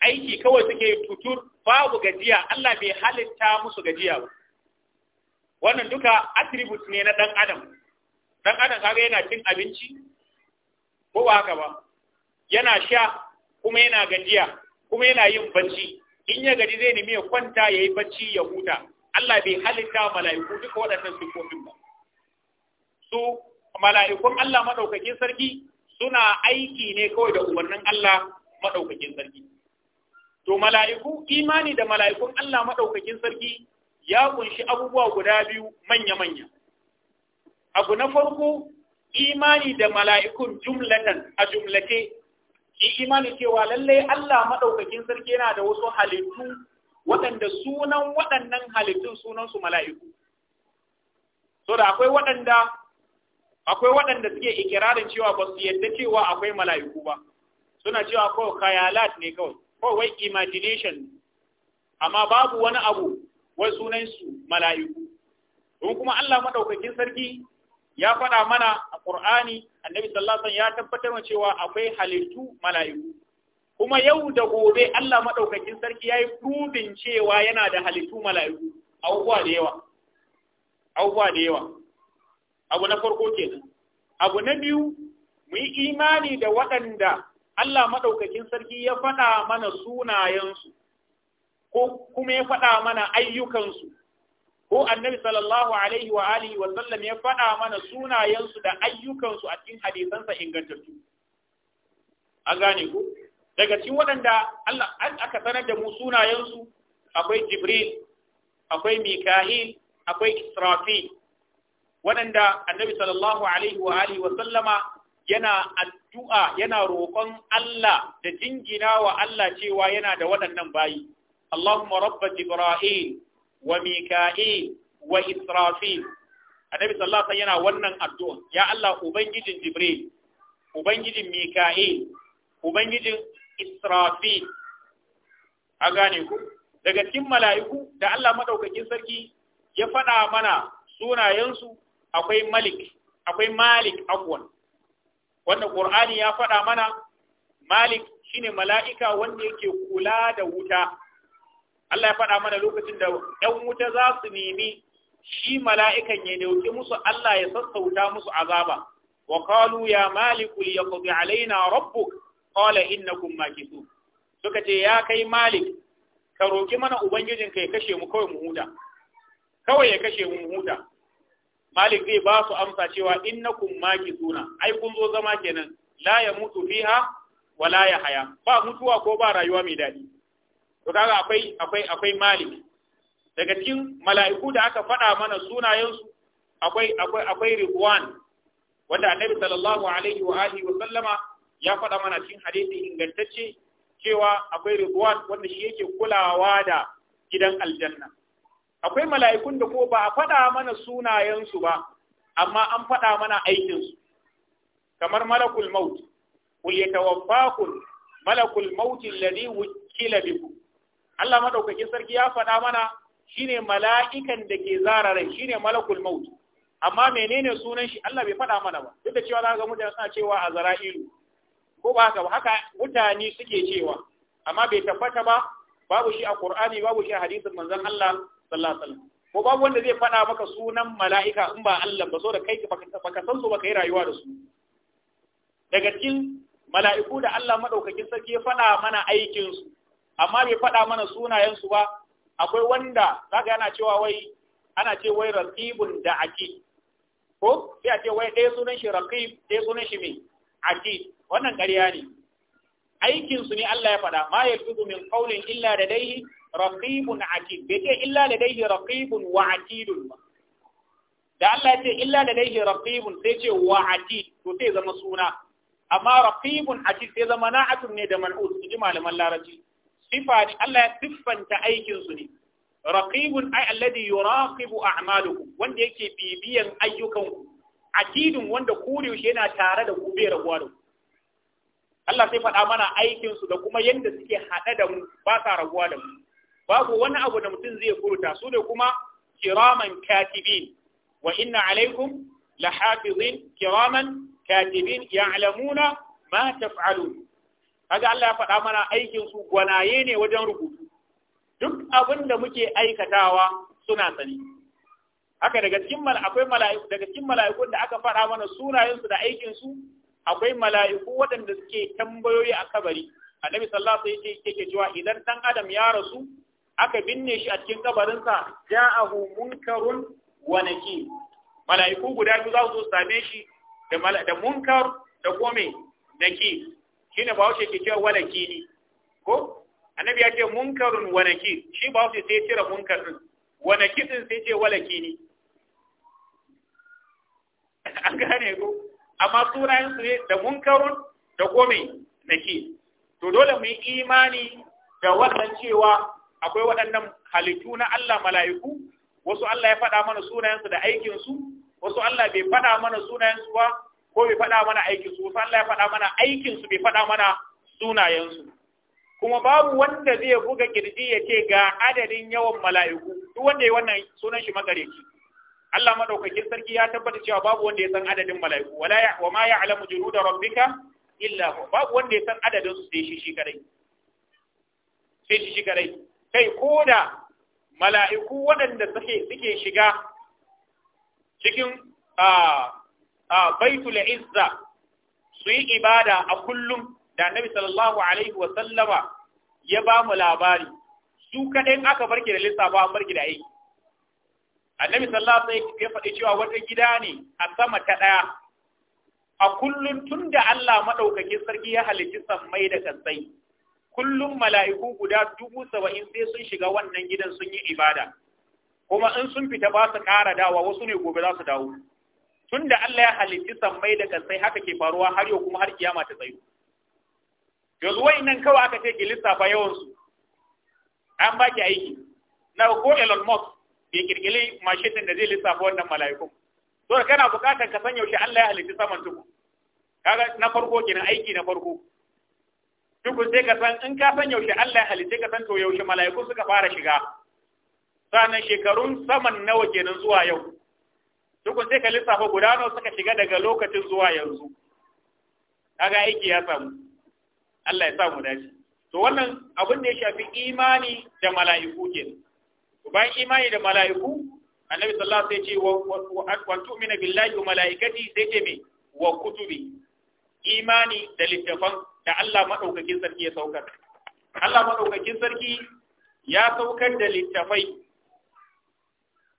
aiki kawai suke tutur babu gajiya Allah bai halitta musu gajiya ba wannan duka attribute ne na dan adam dan adam kaga yana cin abinci ko ba haka ba yana sha kuma yana gajiya kuma yana yin bacci in ya gaji zai nemi ya kwanta ya yi bacci ya huta Allah bai halitta mala'iku duka waɗannan sifofin ba su mala'ikun Allah madaukakin sarki suna aiki ne kawai da umarnin Allah madaukakin sarki to mala'iku imani da mala'ikun Allah madaukakin sarki ya kunshi abubuwa guda biyu manya-manya abu na farko imani da mala'ikun jumlatan a jumlace ki imani cewa lallai Allah maɗaukakin sarki yana da wasu halittu waɗanda sunan waɗannan halittun sunansu mala'iku. So da akwai waɗanda akwai waɗanda suke ikirarin cewa ba su yadda cewa akwai mala'iku ba suna cewa kawai kayalat ne kawai kawai imagination amma babu wani abu wai sunansu su mala'iku don kuma Allah maɗaukakin sarki ya faɗa mana a ƙur'ani Annabi sallallahu ya tabbatar cewa akwai halittu mala'iku kuma yau da gobe Allah maɗaukakin sarki ya yi proving cewa yana da halittu mala'iku abubuwa da yawa abubuwa da yawa abu na farko kenan abu na biyu mu yi imani da waɗanda Allah maɗaukakin sarki ya faɗa mana sunayensu ko kuma ya faɗa mana ayyukansu ko annabi sallallahu alaihi wa alihi wa sallam ya faɗa mana sunayensu da ayyukansu a cikin hadisansa ingantattu A gane ku daga cikin waɗanda Allah aka sanar da mu sunayensu akwai Jibril akwai Mika'il akwai Israfil waɗanda annabi sallallahu alaihi wa alihi wa sallama yana addu'a yana roƙon Allah da jingina wa Allah cewa yana da waɗannan bayi Allahumma rabba Jibra'il wa Mika'il wa Israfil annabi sallallahu alaihi yana wannan addu'a ya Allah ubangijin Jibril ubangijin Mika'il ubangijin Israfil a gane ku daga cikin mala'iku da Allah madaukakin sarki ya faɗa mana sunayensu akwai malik akwai malik afwan wanda qur'ani ya faɗa mana malik shine mala'ika wanda yake kula da wuta Allah ya faɗa mana lokacin da ‘yan wuta za su nemi shi mala'ikan ya dauki musu Allah ya sassauta musu azaba, wa qalu ya malik ya kuzi alaina rabbuk, qala innakum makisu. Suka ce, ya kai malik, ka roki mana Ubangijinka ya kashe mu kawai mu huta, kawai ya kashe mu huta. malik zai ba su amsa cewa innakum suna, ai kun zo zama kenan la ya mutu fiha wala ya haya ba mutuwa ko ba rayuwa mai daɗi to kaga akwai akwai akwai malik daga cikin mala'iku da aka faɗa mana sunayensu akwai akwai akwai ridwan wanda annabi sallallahu alaihi wa alihi wa sallama ya faɗa mana cikin hadisi ingantacce cewa akwai ridwan wanda shi yake kulawa da gidan aljanna akwai mala'ikun da ko ba a faɗa mana sunayensu ba amma an faɗa mana aikinsu kamar malakul maut kul yatawaffakum malakul maut alladhi wukila bikum Allah madaukakin sarki ya faɗa mana shine mala'ikan da ke zara rai shine malakul maut amma menene sunan shi Allah bai faɗa mana ba duk da cewa za ga mutane suna cewa azra'ilu ko ba haka haka mutane suke cewa amma bai tabbata ba babu shi a Qur'ani babu shi a hadisin manzon Allah sallallahu ko babu wanda zai faɗa maka sunan mala'ika in ba Allah ba so da kai baka san su baka yi rayuwa da su daga cikin mala'iku da Allah madaukakin sarki ya faɗa mana aikin su amma bai faɗa mana sunayen su ba akwai wanda zaka yana cewa wai ana ce wai raqibun da aki ko sai a ce wai ɗaya sunan shi raqib ɗaya sunan shi mai aki wannan ƙarya ne aikin su ne Allah ya faɗa ma yalfizu min qawlin illa dai? raqibun atid bai ce illa ladaihi raqibun wa atidun ba da Allah ce illa ladaihi raqibun sai ce wa atid to sai zama suna amma raqibun atid sai zama na'atun ne da man'ut ji malaman larabci sifa ne Allah ya siffanta aikin su ne raqibun ai alladhi yuraqibu a'malukum wanda yake bibiyan ayyukan ku atidun wanda shi yana tare da ku bai rabuwa da ku Allah sai faɗa mana su da kuma yadda suke haɗa da mu ba sa rabuwa da mu. babu wani abu da mutum zai furta su ne kuma kiraman katibin wa inna alaikum hafizin kiraman katibin ya'lamuna ma taf'alun kaga Allah ya faɗa mana aikin su gwanaye ne wajen rubutu duk abin da muke aikatawa suna sani haka daga cikin akwai mala'iku daga cikin mala'ikun da aka faɗa mana sunayen su da aikin su akwai mala'iku waɗanda suke tambayoyi a kabari annabi sallallahu alaihi wasallam yake cewa idan dan adam ya rasu aka binne shi a cikin kabarinsa ahu munkarun wa naki mala'iku guda biyu za su zo same shi da da munkar da kome naki shi ba bahaushe ke cewa wa ne ko annabi ya ce munkarun wa naki shi ba sai cire munkar din wa naki din sai ce wa ne an gane ko amma sunayen su ne da munkarun da kome naki to dole mu yi imani da wannan cewa akwai waɗannan halittu na Allah mala'iku wasu Allah ya faɗa mana sunayensu da aikinsu wasu Allah bai faɗa mana sunayensu ba ko bai faɗa mana aikinsu wasu Allah ya faɗa mana aikinsu bai faɗa mana sunayensu kuma babu wanda zai buga kirji ya ce ga adadin yawan mala'iku duk wanda ya wannan sunan shi magareci Allah madaukakin sarki ya tabbata cewa babu wanda ya san adadin mala'iku wala ya wa ma ya'lamu junuda rabbika illa babu wanda ya san adadin su sai shi shi kadai sai shi shi kadai kai ko da mala'iku waɗanda suke shiga cikin baitul izza su yi ibada a kullum da Nabi sallallahu alaihi wa sallama ya ba mu labari su kaɗai aka barke da lissafa an barke da aiki annabi sallallahu alaihi ya faɗi cewa wata gida ne a sama ta ɗaya a kullum tun da Allah maɗaukakin sarki ya halittu sammai da kansai kullum mala'iku guda dubu saba'in sai sun shiga wannan gidan sun yi ibada kuma in sun fita ba su ƙara dawa wasu ne gobe za su dawo tun da Allah ya halitti sammai da kansai haka ke faruwa har yau kuma har kiyama ta tsayo yanzu wai nan kawai aka ce ki lissafa yawansu an ba ki aiki na ko Elon Musk ke kirkiri mashin da zai lissafa wannan mala'ikun to kana bukatar ka san yaushe Allah ya halitti saman tuku kaga na farko kenan aiki na farko duku sai ka san in ka san yaushe Allah ya halitta ka san to yaushe mala'iku suka fara shiga sannan shekarun saman nawa kenan zuwa yau duku sai ka lissafa guda nawa suka shiga daga lokacin zuwa yanzu kaga aiki ya samu Allah ya samu dace to wannan abin da ya shafi imani da mala'iku kenan bayan imani da mala'iku annabi sallallahu alaihi wasallam sai ce wa tu'mina billahi wa mala'ikati sai ce me wa kutubi imani da littafan da Allah maɗaukakin sarki ya saukar Allah maɗaukakin sarki ya saukar da littafai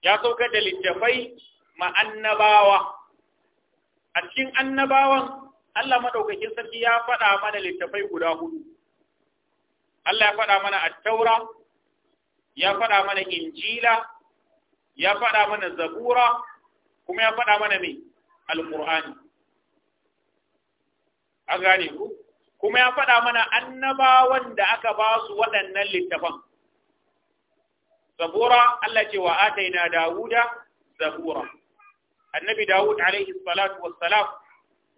ya saukar da littafai ma'annabawa a cikin annabawan Allah maɗaukakin sarki ya faɗa mana littafai guda hudu Allah ya faɗa mana attaura ya faɗa mana injila ya faɗa mana zabura kuma ya faɗa mana mai al-Qur'ani. an gane ku kuma ya faɗa mana annabawan da aka ba su waɗannan littafan zabura Allah ce wa ataina dawuda zabura annabi dawud alaihi salatu wassalam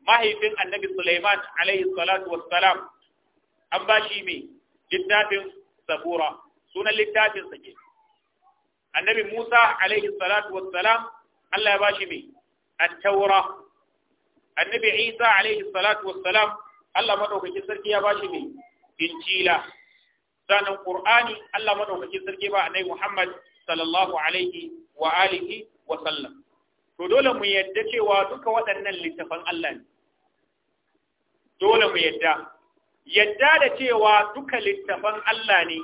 mahaifin annabi sulaiman alaihi salatu wassalam an ba shi mai littafin zabura sunan littafin sa ke annabi musa alaihi salatu wassalam Allah ya ba shi mai at-taura annabi Isa alaihi salatu wassalam Allah madaukakin sarki ya bashi ne bincila. sannan qur'ani Allah madaukakin sarki ba annabi Muhammad sallallahu alaihi wa alihi wa sallam to dole mu yadda cewa duka waɗannan littafan Allah ne dole mu yadda yadda da cewa duka littafan Allah ne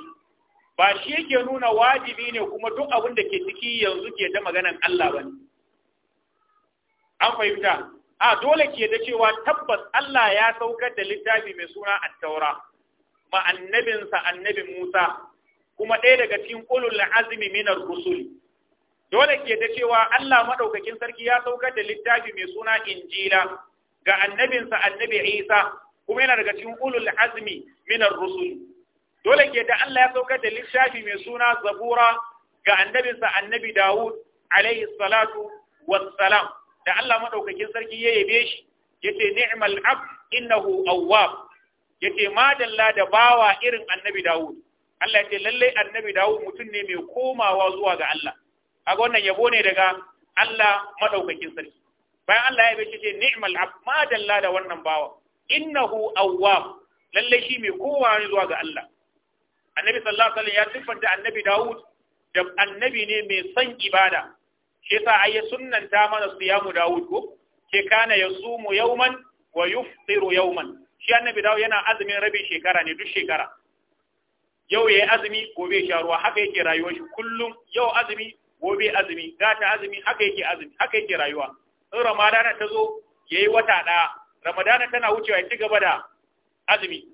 ba shi yake nuna wajibi ne kuma duk abin da ke ciki yanzu ke da maganan Allah ba ne an fahimta a dole ke da cewa tabbas Allah ya saukar da littafi mai suna at-taura ma annabinsa annabi Musa kuma ɗaya daga cikin ulul azmi minar rusul dole ke da cewa Allah madaukakin sarki ya saukar da littafi mai suna injila ga annabinsa annabi Isa kuma yana daga cikin ulul azmi minar rusul dole ke da Allah ya saukar da littafi mai suna zabura ga annabinsa annabi Dawud alaihi salatu wassalam da Allah madaukakin sarki ya yabe shi yace ni'mal ab innahu awwab yace madalla da bawa irin annabi Dawud Allah yace lalle annabi Dawud mutum ne mai komawa zuwa ga Allah kaga wannan yabo ne daga Allah madaukakin sarki bayan Allah ya yabe shi ce ni'mal abd madalla da wannan bawa innahu awwab lalle shi mai kowa zuwa ga Allah annabi sallallahu alaihi wasallam ya siffanta annabi Dawud da annabi ne mai son ibada shi yasa ayi sunnanta mana siyamu Dawud ko ke kana yasumu yawman wa yufṭiru yawman shi annabi Dawud yana azumin rabin shekara ne duk shekara yau yayi azumi gobe sha ruwa haka yake rayuwar shi kullum yau azumi gobe azumi gata azumi haka yake azumi haka yake rayuwa in ramadana ta zo yayi wata ɗaya ramadana tana wucewa ya ci gaba da azumi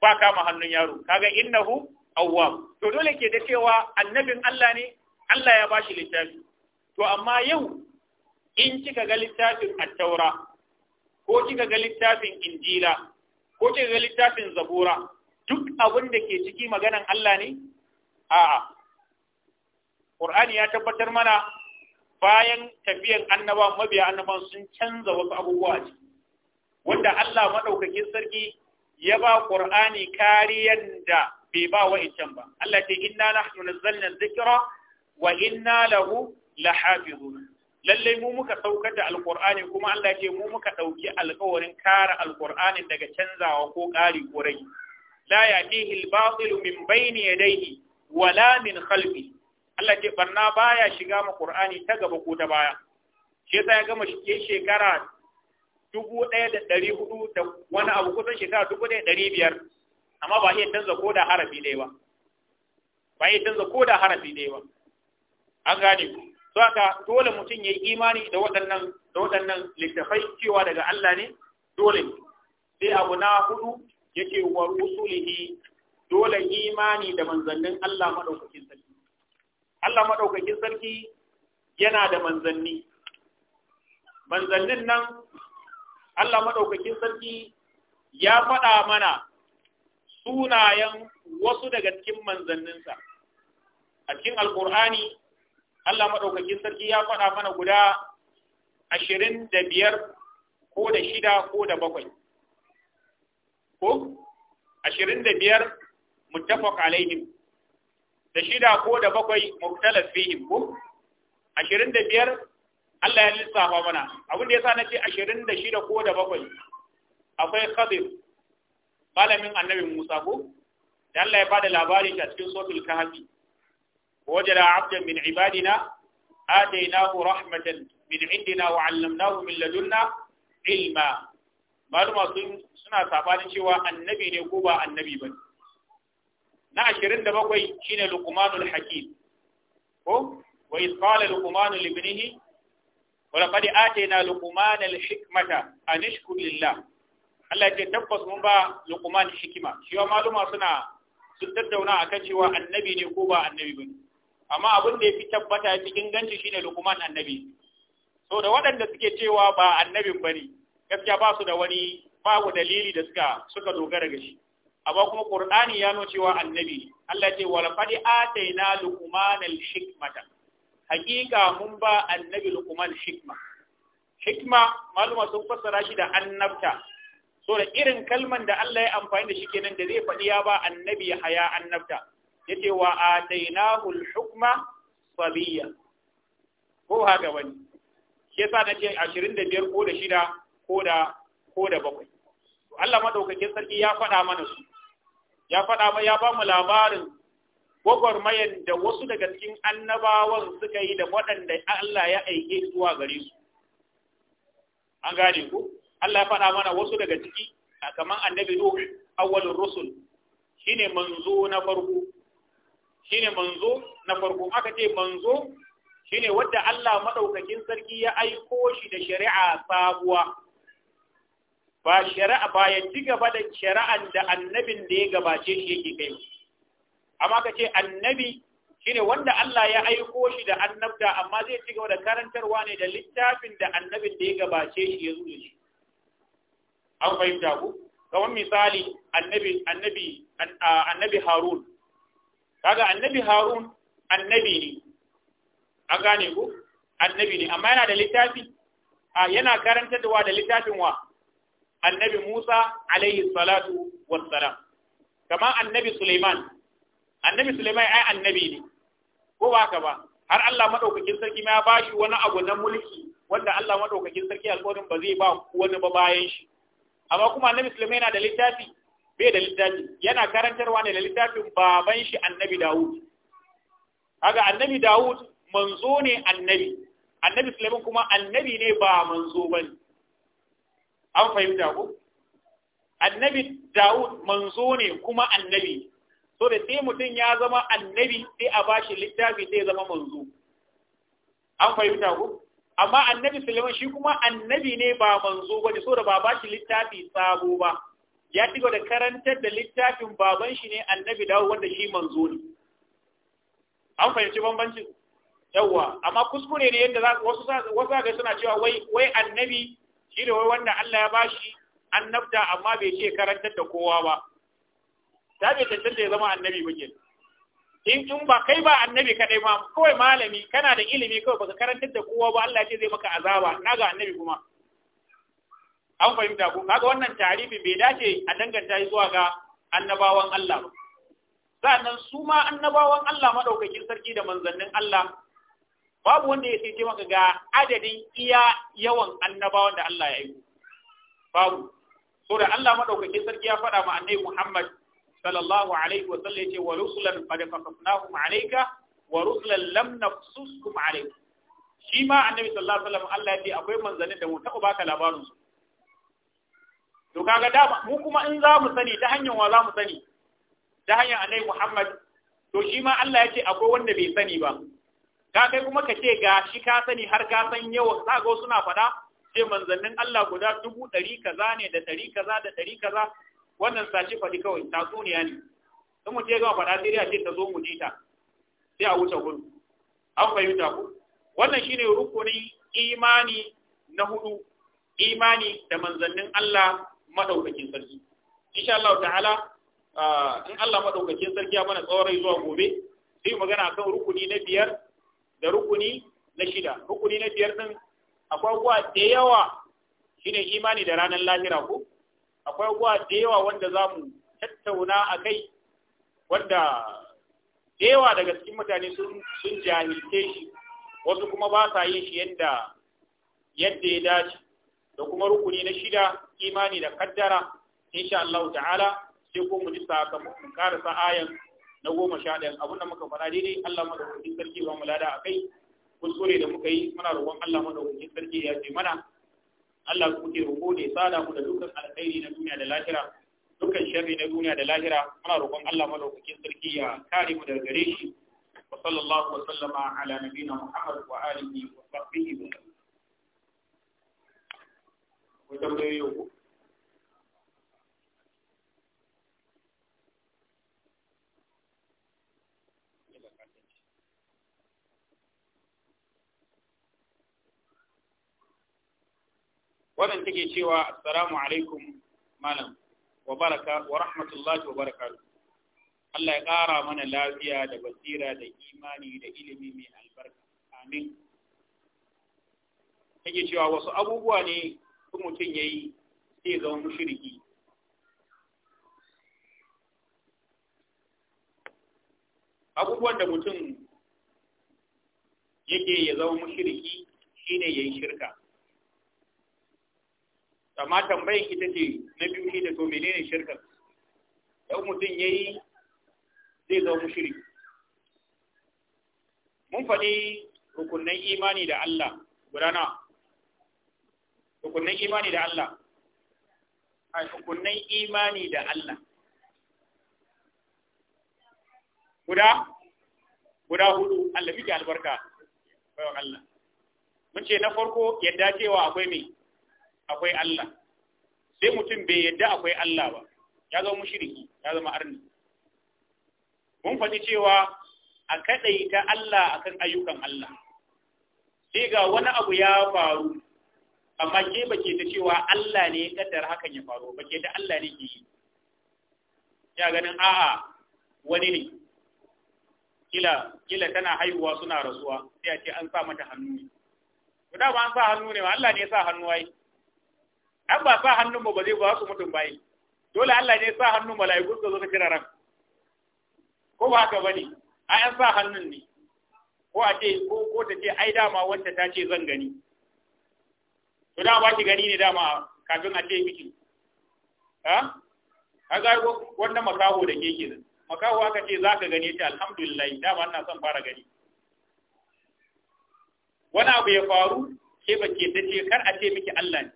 ba kama hannun yaro kaga innahu awwab to dole ke da cewa annabin Allah ne Allah ya bashi littafi to amma yau in kika ga littafin attaura ko kika ga littafin injila ko kika ga littafin zabura duk abin da ke ciki maganan Allah ne a'a Qur'ani ya tabbatar mana bayan tafiyan annaba mabiya annaban sun canza wasu abubuwa ce wanda Allah maɗaukakin sarki ya ba ƙur'ani kariyan da bai ba wa'incan ba Allah ce inna nahnu nazzalna dhikra wa inna lahu Hafizu. lalle mu muka saukar da alqur'ani kuma Allah ce mu muka dauki alƙawarin kare alqur'ani daga canzawa ko ƙari ko rai la yatihi al-batil min bayni yadayhi wala min khalfi Allah ce barna baya shiga ma qur'ani ta gaba ko ta baya shi ya gama shekara dubu ɗaya da ɗari da wani abu kusan shekara dubu ɗaya ɗari biyar amma ba iya canza ko da harafi ne ba ba iya canza ko da harafi ne ba an gane ku haka dole mutum ya yi imani da waɗannan da waɗannan littafai cewa daga Allah ne dole sai abu na hudu yake wa rusulihi dole imani da manzannin Allah madaukakin sarki Allah madaukakin sarki yana da manzanni manzannin nan Allah madaukakin sarki ya faɗa mana sunayen wasu daga cikin manzanninsa a cikin Alƙur'ani. Allah maɗaukakin sarki ya faɗa mana guda ashirin da biyar ko da shida ko da bakwai. Ko? Ashirin da biyar muttafaq alaihim. Da shida ko da bakwai muktalaf fihim ko? Ashirin da biyar Allah ya lissafa mana. Abin da ya sa na ce ashirin da shida ko da bakwai. Akwai Khadir, malamin annabin Musa ko? Da Allah ya bada labarin shi a cikin Sotul Kahfi. وجد عبدا من عبادنا آتيناه رحمة من عندنا وعلمناه من لدنا علما maluma suna sabanin cewa annabi ne ko ba annabi ba na ashirin da bakwai shine luqmanul hakim ko wa iz qala luqmanu li ibnihi wa laqad atayna luqmana al hikmata an ashkur Allah ya tabbas mun ba luqman hikima shi wa suna tattauna akan cewa annabi ne ko ba ba amma abin da ya fi tabbata ya fi inganci ne lukuman annabi so da waɗanda suke cewa ba annabin bane gaskiya ba su da wani babu dalili da suka suka dogara ga shi amma kuma ƙur'ani ya nuna cewa annabi Allah ce wala qad ataina na al-hikmata hakika mun ba annabi lukuman hikma hikma maluma sun fassara shi da annabta so da irin kalman da Allah ya amfani da shi kenan da zai faɗi ya ba annabi haya annabta yake wa atainahu al-hukma sabiya ko haka wani shi yasa nace 25 ko da 6 ko da ko da bakwai Allah madaukakin sarki ya faɗa mana su ya faɗa ya ba mu labarin gwagwarmayan da wasu daga cikin annabawan suka yi da waɗanda Allah ya aike zuwa gare su an gane ku Allah ya faɗa mana wasu daga ciki kamar annabi Nuh awwalur rusul shine manzo na farko shine manzo na farko aka ce manzo shine wanda Allah madaukakin sarki ya aiko shi da shari'a sabuwa ba shari'a ba ya ci gaba da shari'an da annabin da ya gabace shi yake kai amma ka ce annabi shine wanda Allah ya aiko shi da annabta amma zai ci gaba da karantarwa ne da littafin da annabin da ya gabace shi ya zo shi an fahimta ku kamar misali annabi annabi annabi Harun kaga annabi harun annabi ne a gane ku annabi ne amma yana da littafi a yana karanta da wa da littafin wa annabi musa alaihi salatu wassalam kamar annabi suleiman annabi suleiman ai annabi ne ko ba ka ba har Allah madaukakin sarki ma ya bashi wani abu na mulki wanda Allah madaukakin sarki alƙawarin ba zai ba wani ba bayan shi amma kuma annabi suleiman yana da littafi bai da littafi yana karantarwa ne da littafin baban shi annabi Dawud kaga annabi Dawud manzo ne annabi annabi Sulaiman kuma annabi ne ba manzo bane an fahimta ko annabi Dawud manzo ne kuma annabi so da sai mutum ya zama annabi sai a bashi littafi sai zama manzo an fahimta ko amma annabi Sulaiman shi kuma annabi ne ba manzo bane so da ba bashi littafi sabo ba ya ci da karantar da littafin baban shi ne annabi dawo wanda shi manzo ne an fahimci bambancin yawa amma kuskure ne yadda wasu wasu ga suna cewa wai wai annabi shi da wai wanda Allah ya bashi annabta amma bai ce karantar da kowa ba ta bai da ya zama annabi ba in in ba kai ba annabi kadai ma kawai malami kana da ilimi kawai baka karantar da kowa ba Allah ya ce zai maka azaba na ga annabi kuma an fahimta ko kaga wannan tarihi bai dace a danganta zuwa ga annabawan Allah ba sannan su ma annabawan Allah madaukakin sarki da manzannin Allah babu wanda ya ce maka ga adadin iya yawan annabawan da Allah ya yi babu so da Allah madaukakin sarki ya faɗa ma annabi Muhammad sallallahu alaihi wa sallam yace wa rusulan qad qasasnahum alayka wa rusulan lam naqsusuhum alayka shi ma annabi sallallahu alaihi wa sallam Allah ya ce akwai manzannin da mu taɓa baka labarin su to kaga da mu kuma in za mu sani ta hanyar wa za mu sani ta hanyar annabi Muhammad to shi ma Allah ya ce akwai wanda bai sani ba ka kai kuma ka ce ga shi ka sani har ka san yau za ga suna faɗa ce manzannin Allah guda dubu ɗari kaza ne da ɗari kaza da ɗari kaza wannan sashi faɗi kawai ta tatsuniya ne in mu ce gama faɗa sai a ce ta zo mu ji ta sai a wuce gudu an fahimta ku wannan shine rukunin imani na hudu imani da manzannin Allah madaukakin sarki insha Allah ta'ala in Allah madaukakin sarki ya mana tsawarai zuwa gobe sai magana akan rukuni na biyar da rukuni na shida rukuni na biyar din akwai abubuwa da yawa shine imani da ranar lahira ko akwai abubuwa da yawa wanda za mu tattauna a kai wanda da yawa daga cikin mutane sun jahilce shi wasu kuma ba sa yin shi yadda yadda ya dace da kuma rukuni na shida imani da kaddara insha Allah ta'ala sai ko mu ji sakamakon karasa ayan na goma sha ɗaya da muka faɗa daidai Allah madaukakin sarki a kai kuskure da muka yi muna roƙon Allah madaukakin sarki ya ce mana Allah ku ke roƙo da ya sada mu da dukkan alkhairi na duniya da lahira dukkan sharri na duniya da lahira muna roƙon Allah sarki ya kare mu daga gare shi وصلى الله ku tambayoyi uku wannan take cewa assalamu alaikum malam wa baraka wa rahmatullahi wa barakatuh Allah ya ƙara mana lafiya da basira da imani da ilimi mai albarka amin take cewa wasu abubuwa ne in mutum ya yi sai zama mushiriki abubuwan da mutum yake ya zama shi ne ya yi shirka amma tambayin ita ce na biyu shi da to menene shirka yau mutum ya yi zai zama mushiriki mun faɗi rukunan imani da Allah na hukunnan imani da Allah a hukunnan imani da Allah guda guda hudu Allah miki albarka bayan Allah mun ce na farko yadda cewa akwai me akwai Allah sai mutum bai yadda akwai Allah ba ya zama mushriki ya zama arni mun faɗi cewa a ta Allah akan ayyukan Allah sai ga wani abu ya faru amma ke ba ke ta cewa Allah ne ya kaddar hakan ya faru ba ke ta Allah ne ke yi ya ganin a'a wani ne kila kila tana haihuwa suna rasuwa sai a ce an sa mata hannu ne to da ba an sa hannu ne ma Allah ne ya sa hannu ai an ba sa hannun ba ba zai ba su mutum bai dole Allah ne ya sa hannun mala'iku su zo su kira ran ko ba haka bane ai an sa hannun ne ko a ce ko ko ta ce ai dama wanda ta ce zan gani to da ba ki gani ne dama kafin a ce miki ha ga wannan makaho da ke kenan makaho aka ce za ka gane ta alhamdulillah dama ina son fara gani wani abu ya faru ke ba ke da ce kar a ce miki Allah ne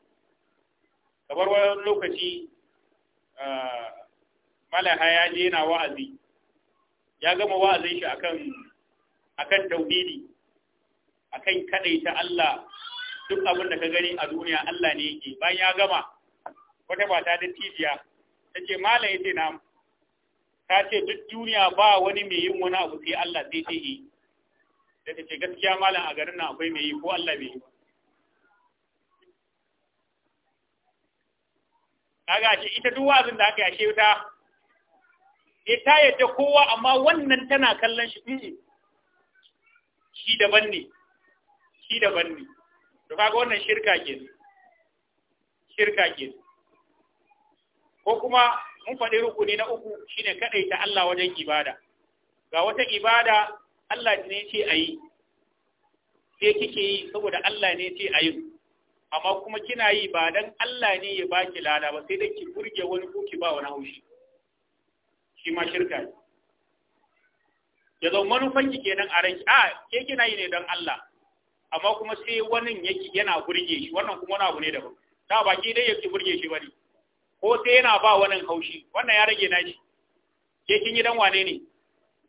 kamar wani lokaci malaha ya je yana wa'azi ya gama wa'azin shi akan akan tauhidi akan kadaita Allah duk abin da ka gani a duniya Allah ne yake bayan ya gama wata mata da tijiya ta ce malam yace na ta ce duk duniya ba wani mai yin wani abu sai Allah sai sai yi da ta ce gaskiya malam a garin nan akwai mai yi ko Allah mai yi kaga shi ita duk wazin da aka yashe ta ita eh, yadda kowa amma wannan tana kallon shi hmm, shi daban ne shi daban ne to kaga wannan shirka ke shirka ke ko kuma mun faɗi rukuni na uku shine ta Allah wajen ibada ga wata ibada Allah ne ce ayi sai kike yi saboda Allah ne ce ayi amma kuma kina yi ba dan Allah ne ya baki lada ba sai dai ki burge wani kuki ba wani haushi shi ma shirka ne ya zo manufan ki kenan a ranki a ke kina yi ne don Allah amma kuma sai wannan yake yana burge shi wannan kuma wani abu ne daban ta baki dai yake burge shi bane ko sai yana ba wannan haushi wannan ya rage naji ke kin yi dan wane ne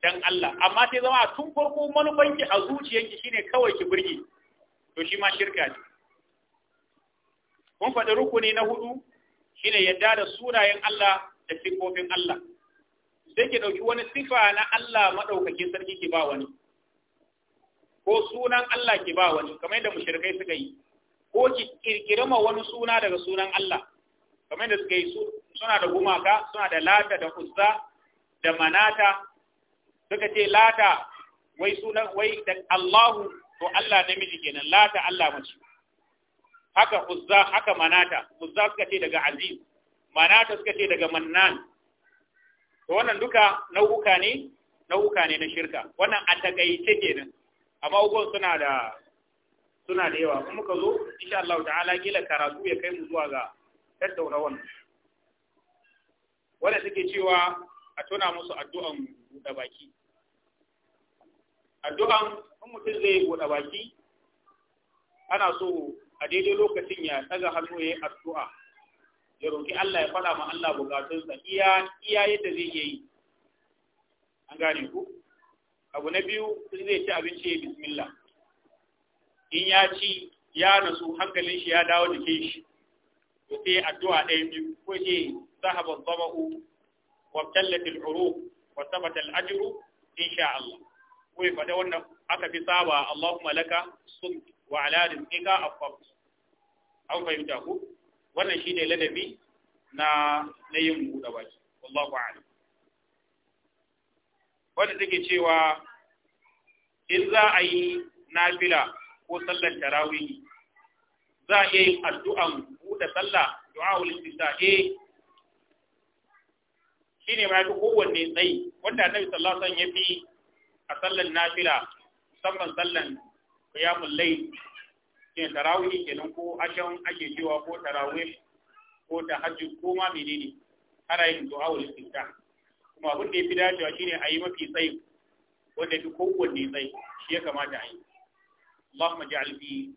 dan Allah amma sai zama tun farko manufanki a zuciyarki shine kawai ki burge to shi ma shirka ne kun faɗi rukuni na hudu shine yadda da sunayen Allah da sifofin Allah sai ki ɗauki wani sifa na Allah maɗaukakin sarki ki ba wani ko sunan Allah ki ba wani kamar yadda mushrikai suka yi ko ki kirkiri ma wani suna daga sunan Allah kamar yadda suka yi suna da gumaka suna da lata da kusa da manata suka ce lata wai sunan wai da Allahu to Allah namiji kenan lata Allah mace haka kusa haka manata kusa suka ce daga aziz manata suka ce daga mannan to wannan duka nau'uka ne nau'uka ne na shirka wannan a takaice kenan amma ugon suna da suna da yawa kuma ka zo insha Allah ta'ala kila karatu ya kai mu zuwa ga tattauna wannan wanda take cewa a tona musu addu'an buɗe baki addu'an in mutum zai buɗe baki ana so a daidai lokacin ya daga hannu ya addu'a ya roƙi Allah ya faɗa ma Allah bukatunsa iya iya yadda zai iya yi an gane ku abu na biyu zai ci abinci ya bismillah in ya ci ya nasu hankalin shi ya dawo da ke shi to sai addu'a ɗaya biyu ko ce zahaba dhama'u wa tallat al-uruq wa thabata al-ajru insha Allah ko ya faɗa wannan aka fi saba Allahumma laka sumt wa ala rizqika afaqt an fahimta ku wannan shi ne ladabi na na yin buɗe baki wallahu a'lam wadda take cewa in za a yi nafila ko sallar tarawih za a iya yin addu'an buɗe sallah du'a istisqa eh shine ma yafi kowanne tsayi wanda annabi sallallahu alaihi wasallam ya fi a sallan nafila musamman sallan qiyamul layl ke tarawih kenan ko ashan ake cewa ko tarawih ko hajji ko ma menene ana yin du'a wal istisqa kuma abin da ya fi dacewa ne a yi mafi tsayi wanda fi kowanne tsayi shi ya kamata a yi Allahumma ji albi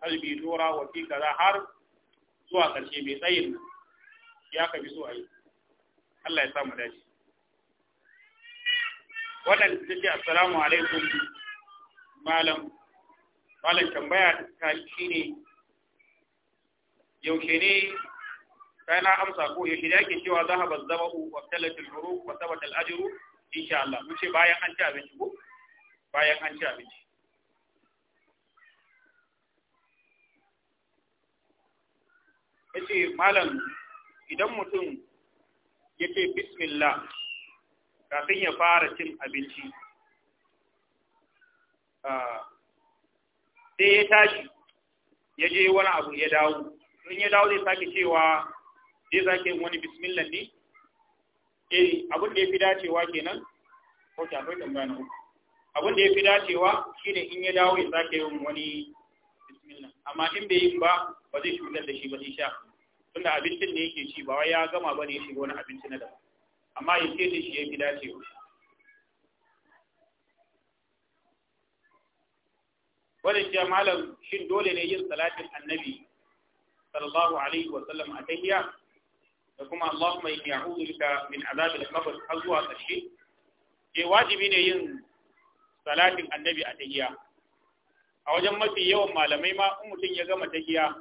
albi nura wa fi kaza har zuwa ƙarshe mai tsayin nan ya ka fi so a yi Allah ya samu dace wannan ta ce assalamu alaikum malam malam tambaya ta shi ne yaushe ne kai na amsa ko ya da yake cewa zahaba zabahu wa talat al-uruq wa thabata al-ajru insha Allah mun ce bayan an ci abinci ko bayan an ci abinci Ya ce malam idan mutum ya ce bismillah kafin ya fara cin abinci sai ya tashi ya je wani abu ya dawo in ya dawo zai sake cewa za ke wani bismillah ne eh abin da ya fi dacewa kenan ko ta akwai tambaya na uku abin da ya fi dacewa shine in ya dawo ya sake yin wani bismillah amma in bai yi ba ba zai cutar da shi ba zai sha tunda abincin ne yake ci ba wai ya gama ba ne ya shiga wani abinci na daban amma ya ce da shi ya fi dacewa shi ce malam shin dole ne yin salatin annabi sallallahu alaihi wa sallam a tahiyya da kuma Allahumma ya a'udhu da min azabin qabr har zuwa ƙarshe ke eh, wajibi ne yin salatin annabi a tahiya a wajen mafi yawan malamai ma in mutum ya gama tahiya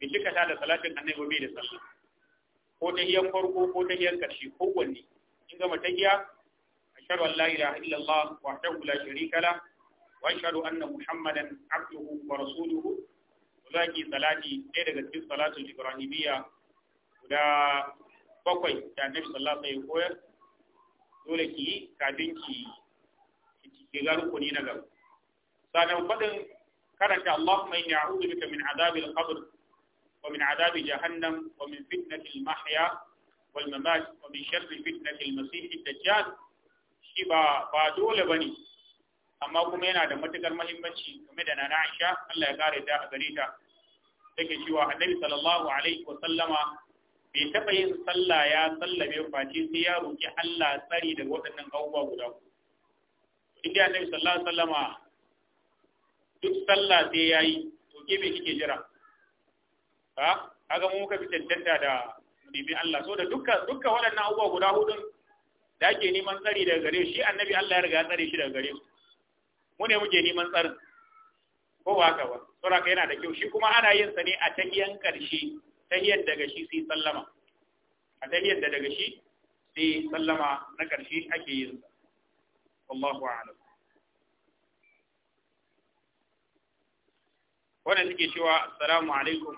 bai ta da salatin annabi bai da sallah ko tahiyan farko ko tahiyan ƙarshe ko wanne in gama tahiya ashhadu an la ilaha illallah wahdahu la sharika la wa ashhadu anna muhammadan abduhu wa rasuluhu zaki salati ɗaya daga cikin salatin ibrahimiyya guda bakwai da annabi sallallahu alaihi wasallam koyar dole ki yi dinki ki ki ga rukuni na gaba sanan fadin karanta Allahumma inni a'udhu bika min adabil qabr wa min adabi jahannam wa min fitnatil mahya wal mamat wa min sharri fitnatil masiihid dajjal shi ba ba dole bane amma kuma yana da matukar mahimmanci game da nana Aisha Allah ya kare ta a gare ta take cewa Annabi sallallahu alaihi wa sallama bai taɓa yin sallah ya sallame face sai ya roƙi Allah tsari daga waɗannan abubuwa guda uku inda annabi sallallahu alaihi wasallama duk sallah sai yi, to ke me kike jira ha haka mu muka fi tantanta da bibi Allah so da dukkan dukkan waɗannan abubuwa guda hudun da ake neman tsari daga gare shi annabi Allah ya riga ya tsare shi daga gare su mu ne muke neman tsarin ko ba haka ba saboda yana da kyau shi kuma ana yin sa ne a tagiyan ƙarshe. yadda daga shi sai sallama a tahiyyar yadda daga shi sai sallama na ƙarshe ake yin sa wallahu a'lam wannan suke cewa assalamu alaikum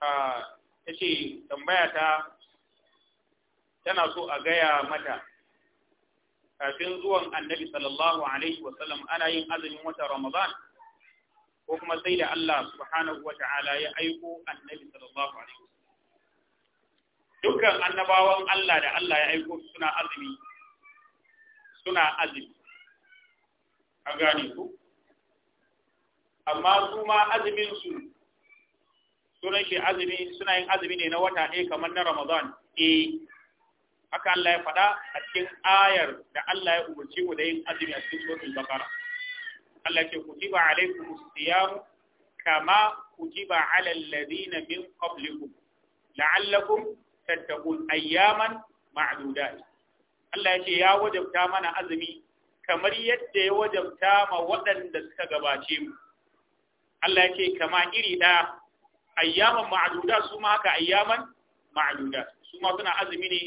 ah, ta ce tambaya ta tana so a gaya mata kafin zuwan annabi sallallahu alaihi wasallam ana yin azumin wata ramadan ko kuma sai da Allah subhanahu wa ta'ala ya aiko annabi sallallahu alaihi wasallam dukkan annabawan Allah da Allah ya aiko suna azumi suna azumi a gane ku amma su ma azumin su sunan shi azumi suna yin azumi ne na wata ɗaya kamar na Ramadan eh haka Allah ya faɗa a cikin ayar da Allah ya umarci mu da yin azumi a cikin suratul Baqara Allah ce kutiba alaikum siyam kama kutiba ala alladhina min qablikum la'allakum tattaqun ayyaman ma'dudat Allah ce ya wajabta mana azumi kamar yadda ya wajabta ma waɗanda suka gabace mu Allah ya ce kama iri ɗaya ayyaman ma'dudat su ma haka ayyaman ma'dudat su ma suna azumi ne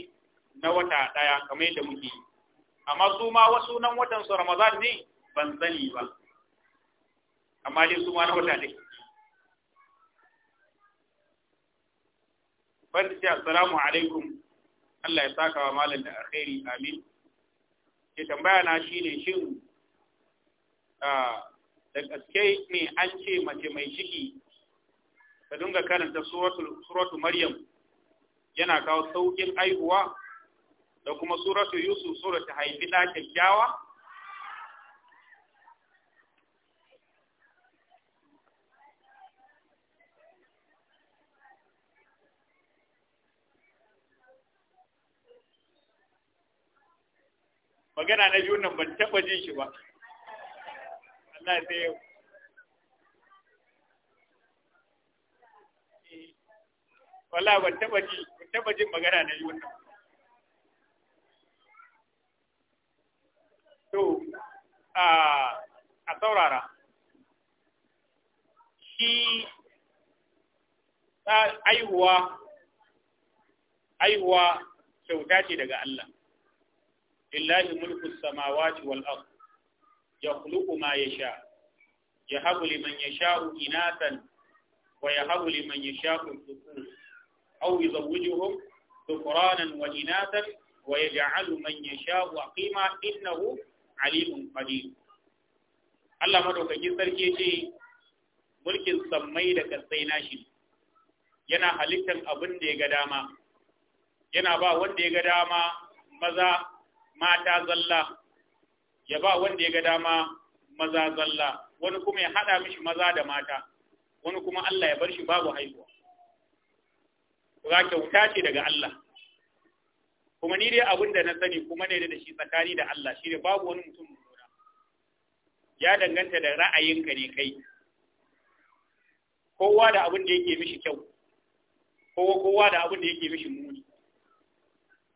na wata ɗaya kamar yadda muke amma su ma wasu nan watan su Ramadan ne ban sani ba amma dai su ma na wata ne ce assalamu alaikum Allah ya saka wa malam da alkhairi amin ke tambaya na shine shin da gaske ne an ce mace mai ciki ta dinga karanta suratu maryam yana kawo saukin aihuwa da kuma suratu yusuf suratu haifi ɗa kyakkyawa magana na biyu nan ban taɓa jin shi ba Allah sai yau wala ban taɓa ji ban taɓa jin magana na biyu nan to a saurara shi aihuwa aihuwa kyauta ce daga Allah lillahi mulku samawati wal ard yakhluqu ma yasha yahabu liman yasha'u inatan wa yahabu liman yasha'u dhukur aw yuzawwijuhum dhukranan wa inatan wa yaj'alu man yasha'u aqima innahu alimun qadir Allah madaukakin sarki ce mulkin sammai da kasai nashi yana halittar abinda da ya ga dama yana ba wanda ya ga dama maza mata zalla ya ba wanda ya ga dama maza zalla wani kuma ya hada mishi maza da mata wani kuma Allah ya bar shi babu haihuwa ga kyauta ce daga Allah kuma ni dai abin da na sani kuma ne da shi tsakani da Allah shi ne babu wani mutum mummuna ya danganta da ra'ayinka ne kai kowa da abin da yake mishi kyau kowa kowa da abin da yake mishi muni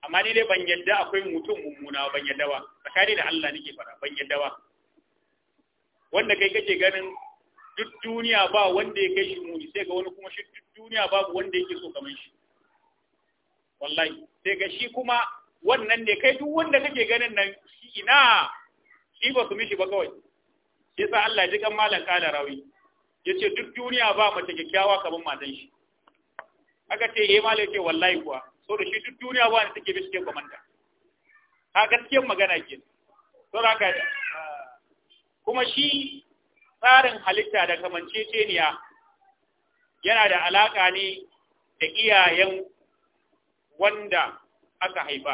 amma ni dai ban yadda akwai mutum mummuna ban yadda ba tsakani da Allah nake fara ban yadda ba wanda kai kake ganin duk duniya ba wanda ya kai shi muni sai ga wani kuma shi duk duniya babu wanda yake so kamar shi wallahi sai ga shi kuma wannan ne kai duk wanda kake ganin nan shi ina shi ba su mishi ba kawai sa Allah ya ji kan malam kala rawi yace duk duniya ba mace kyakkyawa kamar matan shi aka ce eh malai ce wallahi kuwa so da shi duk duniya ne take bishiyar gwamnati ka gaskiyar magana ke so da ka kuma shi tsarin halitta da kamanceceniya yana da alaka ne da iyayen wanda aka haifa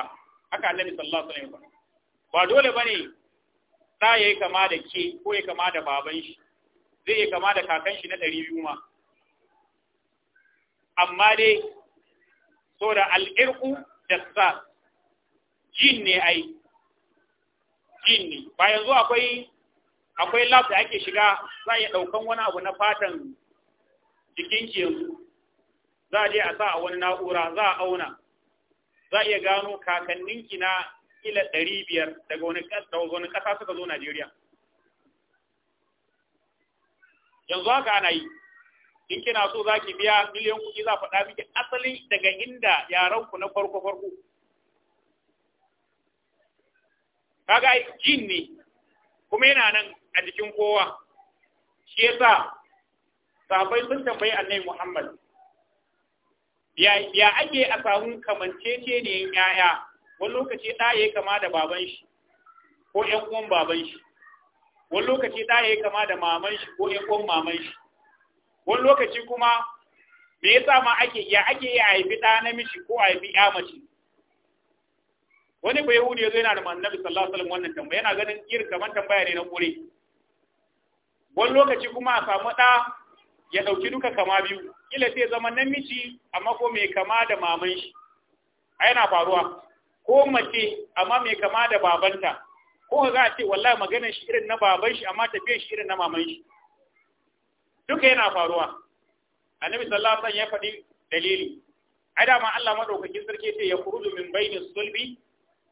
aka annabi sallallahu alaihi wasallam ba dole bane da yayi kama da ke ko ya kama da baban shi zai yi kama da kakan shi na ɗari biyu ma amma dai saboda al'irku da sa jin ne ai jin ne ba yanzu akwai akwai lab da ake shiga za a ɗaukan wani abu na fatan jikinki yanzu za a je a sa a wani na'ura za a auna za a iya gano kakanninki na kila ɗari biyar daga wani ƙasa suka zo Najeriya yanzu haka ana yi in kina so za ki biya miliyan kuɗi za faɗa miki asali daga inda ku na farko farko kaga jin ne kuma yana nan a jikin kowa shi yasa sabai sun tambayi annabi Muhammad ya ake a samu kamancece ne yaya wani lokaci da ya kama da baban shi ko ƴan uwan baban shi wani lokaci da ya kama da maman shi ko ƴan uwan maman shi wani lokaci kuma me yasa ma ake ya ake yi a haifi ɗa namiji ko a haifi ya mace wani bai yahudi ya zo yana da annabi sallallahu alaihi wasallam wannan tambaya yana ganin irin kamar tambaya ne na kure wani lokaci kuma a samu ɗa ya ɗauki duka kama biyu kila sai zama namiji amma ko mai kama da maman shi a yana faruwa ko mace amma mai kama da babanta ko za a ce wallahi maganar shi irin na baban shi amma tafiyar shi irin na maman shi duka yana faruwa annabi sallallahu alaihi wasallam ya faɗi dalili ai dama Allah madaukakin sarki ce ya kurudu min baini sulbi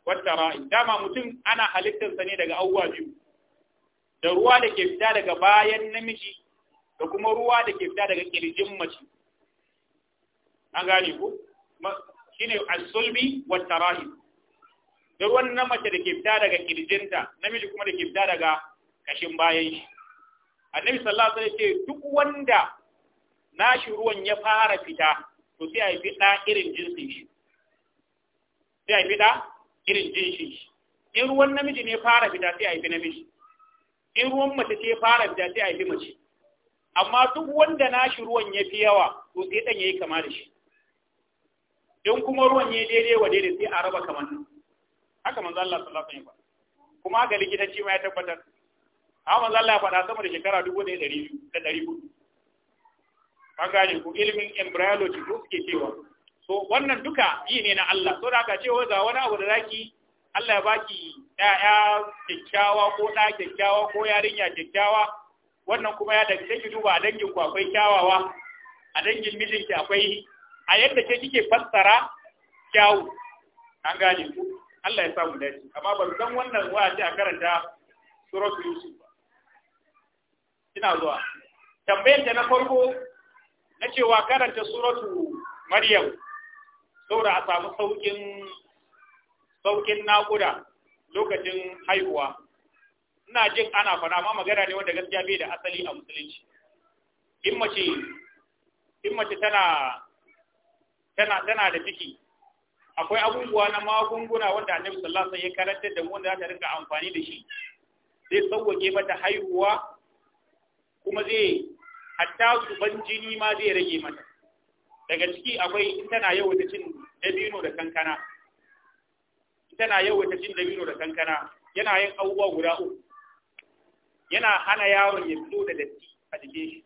wata ra'i dama mutum ana halittarsa ne daga awwa biyu da ruwa da ke fita daga bayan namiji da kuma ruwa da ke fita daga kirjin mace an gane ku shine as-sulbi wata tara'i da ruwan na mace da ke fita daga kirjinta namiji kuma da ke fita daga kashin bayan shi annabi sallallahu alaihi wasallam ce duk wanda nashi ruwan ya fara fita to sai a yi fida irin jinsin shi sai a yi fida irin jinsin shi in ruwan namiji ne fara fita sai a yi namiji in ruwan mace ce fara fita sai a yi mace amma duk wanda nashi ruwan ya fi yawa to sai dan yayi kama da shi in kuma ruwan ya daidai wa daidai sai a raba kaman haka manzo Allah sallallahu alaihi wasallam kuma ga likitanci ma ya tabbatar amma Allah ya faɗa sama da shekara dubu ɗaya ɗari biyu da ɗari hudu an gane ku ilimin embryology ko suke cewa so wannan duka yi ne na Allah so da aka ce ga wani abu da zaki Allah ya baki ɗaya kyakkyawa ko ɗa kyakkyawa ko yarinya kyakkyawa wannan kuma ya daga take duba a dangin ku akwai kyawawa a dangin mijinki akwai a yadda ke kike fassara kyawu an gane ku Allah ya samu dace amma ban san wannan wa'azi a karanta suratul yusuf ina zuwa tambayar da na farko na cewa karanta suratu maryam saboda a samu saukin saukin naƙuda lokacin haihuwa ina jin ana fara amma magana ne wanda gaskiya bai da asali a musulunci in mace in mace tana tana tana da ciki akwai abubuwa na magunguna wanda annabi sallallahu alaihi wasallam ya karanta da mu wanda za ta rinka amfani da shi zai sauwake mata haihuwa kuma zai hatta zuban jini ma zai rage mata daga ciki akwai in tana yawaita cin dabino da kankana tana yawaita cin dabino da kankana yana yin abubuwa guda uku yana hana yaron ya fito da datti a jikin shi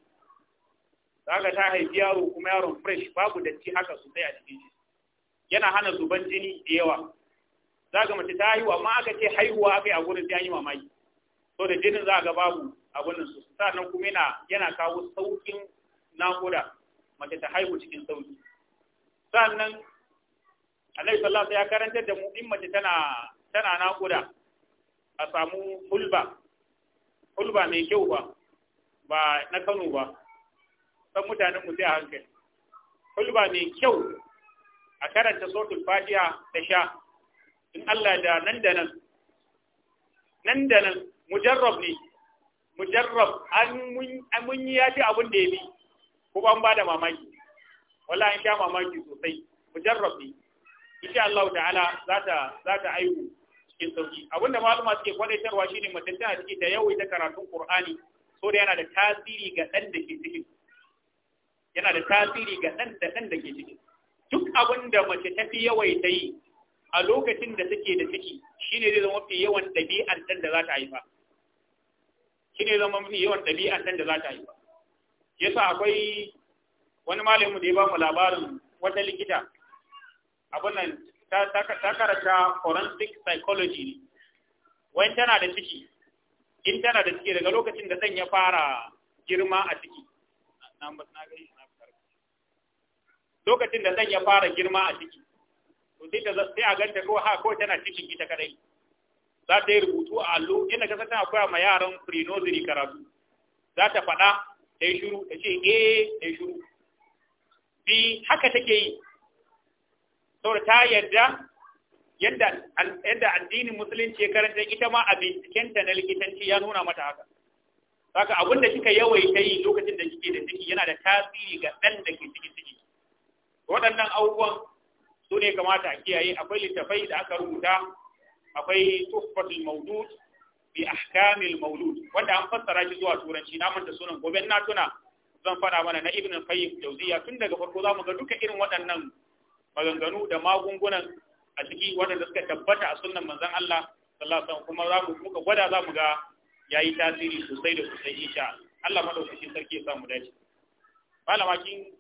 zaka ta haifi yaro kuma yaron fresh babu datti haka sosai a jikin shi yana hana zuban jini da yawa zaka mace ta haihu amma aka ce haihuwa akai a gurin sai an yi mamaki to da jinin za ga babu abin nan su sannan kuma yana yana kawo saukin naƙuda mace ta haihu cikin sauki sannan Annabi sallallahu alaihi ya karanta da mu in mace tana tana naƙuda a samu hulba hulba mai kyau ba ba na Kano ba san mutanen mu sai a hankali hulba mai kyau a karanta suratul fatiha da sha in Allah da nan da nan nan da nan mujarrab ne mujarrab an mun yi yafi abin da ya bi ko ban ba da mamaki wala an sha mamaki sosai mujarrab ne insha Allah ta'ala za ta za ta aiwu cikin sauki abin da malama suke kwadaitarwa shine mutum da ciki da yawaita karatun Qur'ani so da yana da tasiri ga dan da ke cikin yana da tasiri ga dan da dan da ke cikin duk abin da mace ta fi yawaita yi a lokacin da take da ciki shine zai zama mafi yawan ɗabi'ar dan da za ta haifa shi ne zama mafi yawan ɗabi'an nan da za ta yi ba yasa akwai wani malamin da ya ba mu labarin wata likita abin nan ta karanta forensic psychology ne wani tana da ciki in tana da ciki daga lokacin da zan ya fara girma a ciki lokacin da zan ya fara girma a ciki to sai a ganta ko ha ko tana cikin ita kadai za ta yi rubutu a allo inda ka tana koya ma yaran pre karatu za ta faɗa ta yi shuru ta ce a eh, ta yi shuru b haka take yi saboda ta yarda yadda addinin musulunci ya karanta ita ma a bincikenta na likitanci ya nuna mata haka saka abin da kika yawaita yi lokacin da kike da ciki yana da tasiri ga ɗan da ke ciki ciki waɗannan abubuwan su ne kamata a kiyaye akwai littafai da aka rubuta akwai tuhfatul mawdud bi ahkamil mawlud wanda an fassara shi zuwa turanci na manta sunan gobe na tuna zan fada mana na ibn qayyim jawziya tun daga farko zamu ga duka irin waɗannan maganganu da magungunan a ciki waɗanda suka tabbata a sunnan manzon Allah sallallahu alaihi wasallam kuma zamu muka gwada zamu ga yayi tasiri sosai da sosai insha Allah madaukakin sarki ya samu dace malama kin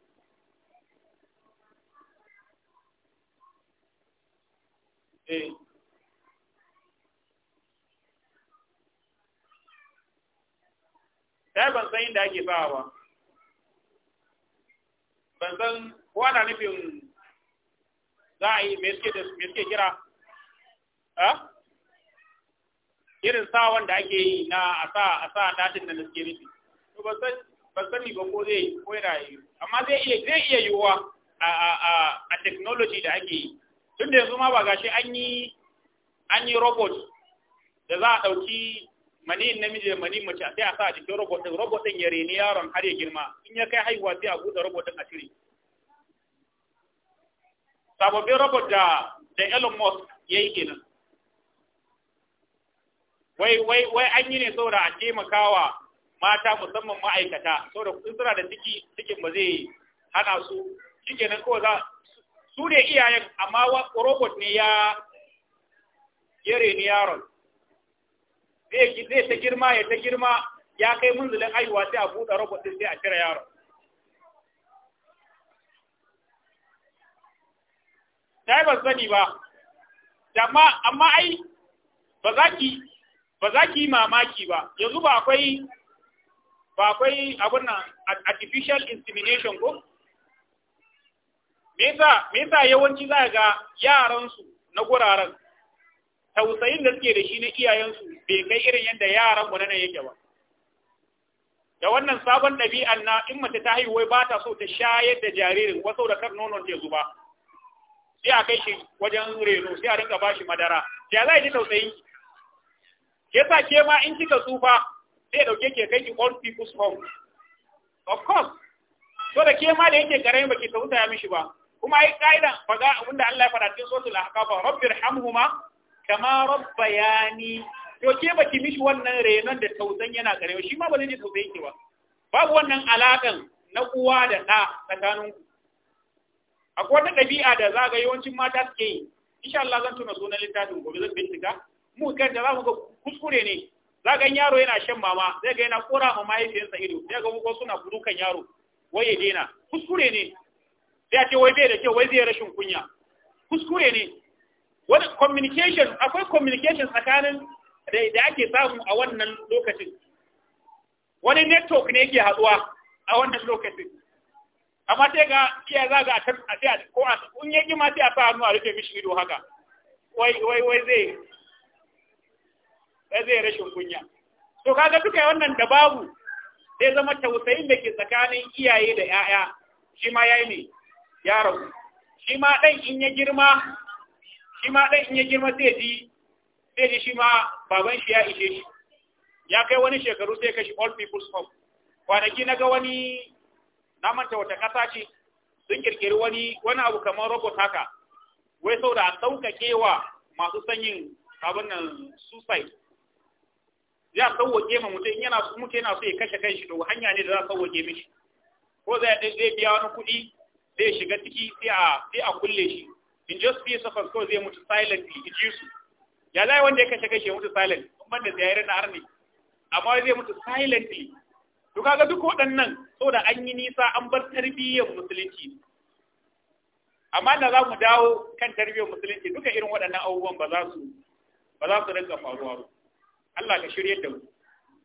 eh sai eh, ban san inda ake sawa ba ban san ko ana nufin za a yi me suke kira Ha? Eh? irin sawan da ake yi na a sa a sa datin da suke nufi to ban san ban ni ba ko zai ko yana yi amma zai iya zai iya yiwuwa a a a technology da ake yi Tunda yanzu ma ba gashi an yi an yi robot da za a ɗauki mani namiji da mani mace sai a sa a jikin robot din robot din ya reni yaron har ya girma in ya kai haihuwa sai a buɗe robot din a cire sababbin robot da da Elon Musk ya yi kenan wai wai wai an yi ne saboda a taimaka wa mata musamman ma'aikata saboda in suna da ciki cikin ba zai hana su shikenan kawai za su ne iyayen amma robot ne ya yare ni yaron zai ta girma ya ta girma ya kai munzulin haihuwa sai a buɗe robot din sai a cire yaro ta ba sani ba amma amma ai ba za ki ba za mamaki ba yanzu ba akwai ba akwai abun nan artificial insemination ko me yasa me yasa yawanci za ga yaran su na guraren tausayin da suke da shi na iyayensu bai kai irin yadda yaran mu nana yake ba da wannan sabon ɗabi'an na in mace ta haihu wai ba ta so ta shayar da jaririn wasu da kar nonon ke zuba sai a kai shi wajen reno sai a rinka bashi madara ya za a ji tausayin ki sa ke ma in kika tsufa sai dauke ke kai ki old people's home of course to da ke ma da yake karamin baki tausaya mishi ba kuma ai kaidan faga abinda Allah ya faɗa cikin suratul ahqaf rabbirhamhuma kama ni to ke baki mishi wannan renon da tausan yana karewa shi ma ba zai ji tausayin ki ba babu wannan alaƙan na uwa da ɗa tsakanin ku akwai wata ɗabi'a da za ga yawancin mata suke yi insha Allah zan tuna sunan littafin gobe zan bincika mu kan da za mu ga kuskure ne za ga yaro yana shan mama zai ga yana kora ma mahaifiyarsa ido zai ga ko suna dukan yaro wai ya daina kuskure ne sai a ce wai bai da kyau wai zai rashin kunya kuskure ne wani communication akwai communication tsakanin da ake samu a wannan lokacin wani network ne yake haɗuwa a wannan lokacin amma sai ga iya za ga a sai ko a kun yaki ma sai a sa hannu a rufe mishi ido haka wai wai wai zai zai rashin kunya to kaga duka wannan da babu sai zama tausayin da ke tsakanin iyaye da 'ya'ya shi ma yayi ne ya rabu shi ma ɗan in ya girma shi ma ɗan in ya girma sai ji ji shi ma baban shi ya ishe shi ya kai wani shekaru sai kashi all people's home kwanaki na ga wani na manta wata ƙasa ce sun kirkiri wani wani abu kamar robot haka wai sau da sauƙaƙe wa masu sanyin abin nan suicide ya sauwaƙe ma mutum yana mutum yana so ya kashe kai shi to hanya ne da za a sauƙaƙe mishi ko zai biya wani kuɗi zai shiga ciki sai a kulle shi in just few seconds kawai zai mutu silently it ji su ya lai wanda ya kashe kashe mutu silent kun banda ziyarar na arni amma zai mutu silently to kaga duk waɗannan saboda an yi nisa an bar tarbiyyar musulunci amma da za mu dawo kan tarbiyyar musulunci duka irin waɗannan abubuwan ba za su ba za su rinka faruwa ba Allah ka shirye da mu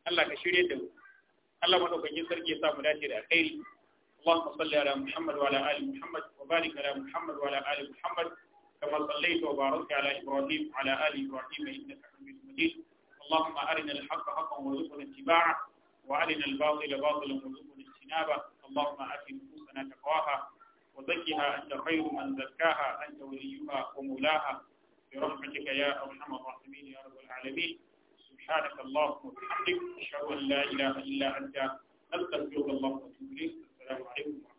Allah ka shirye da mu Allah madaukakin sarki ya sa mu dace da alheri اللهم صل على محمد وعلى آل محمد وبارك على محمد وعلى آل محمد كما صليت وباركت على إبراهيم وعلى آل إبراهيم إنك حميد مجيد اللهم أرنا الحق حقا وارزقنا اتباعه وأرنا الباطل باطلا وارزقنا اجتنابه اللهم آت نفوسنا تقواها وزكها أنت خير من زكاها أنت وليها ومولاها برحمتك يا أرحم الراحمين يا رب العالمين سبحانك اللهم وبحمدك أشهد أن لا إله إلا أنت نستغفرك اللهم وبحمدك إليك الرحيم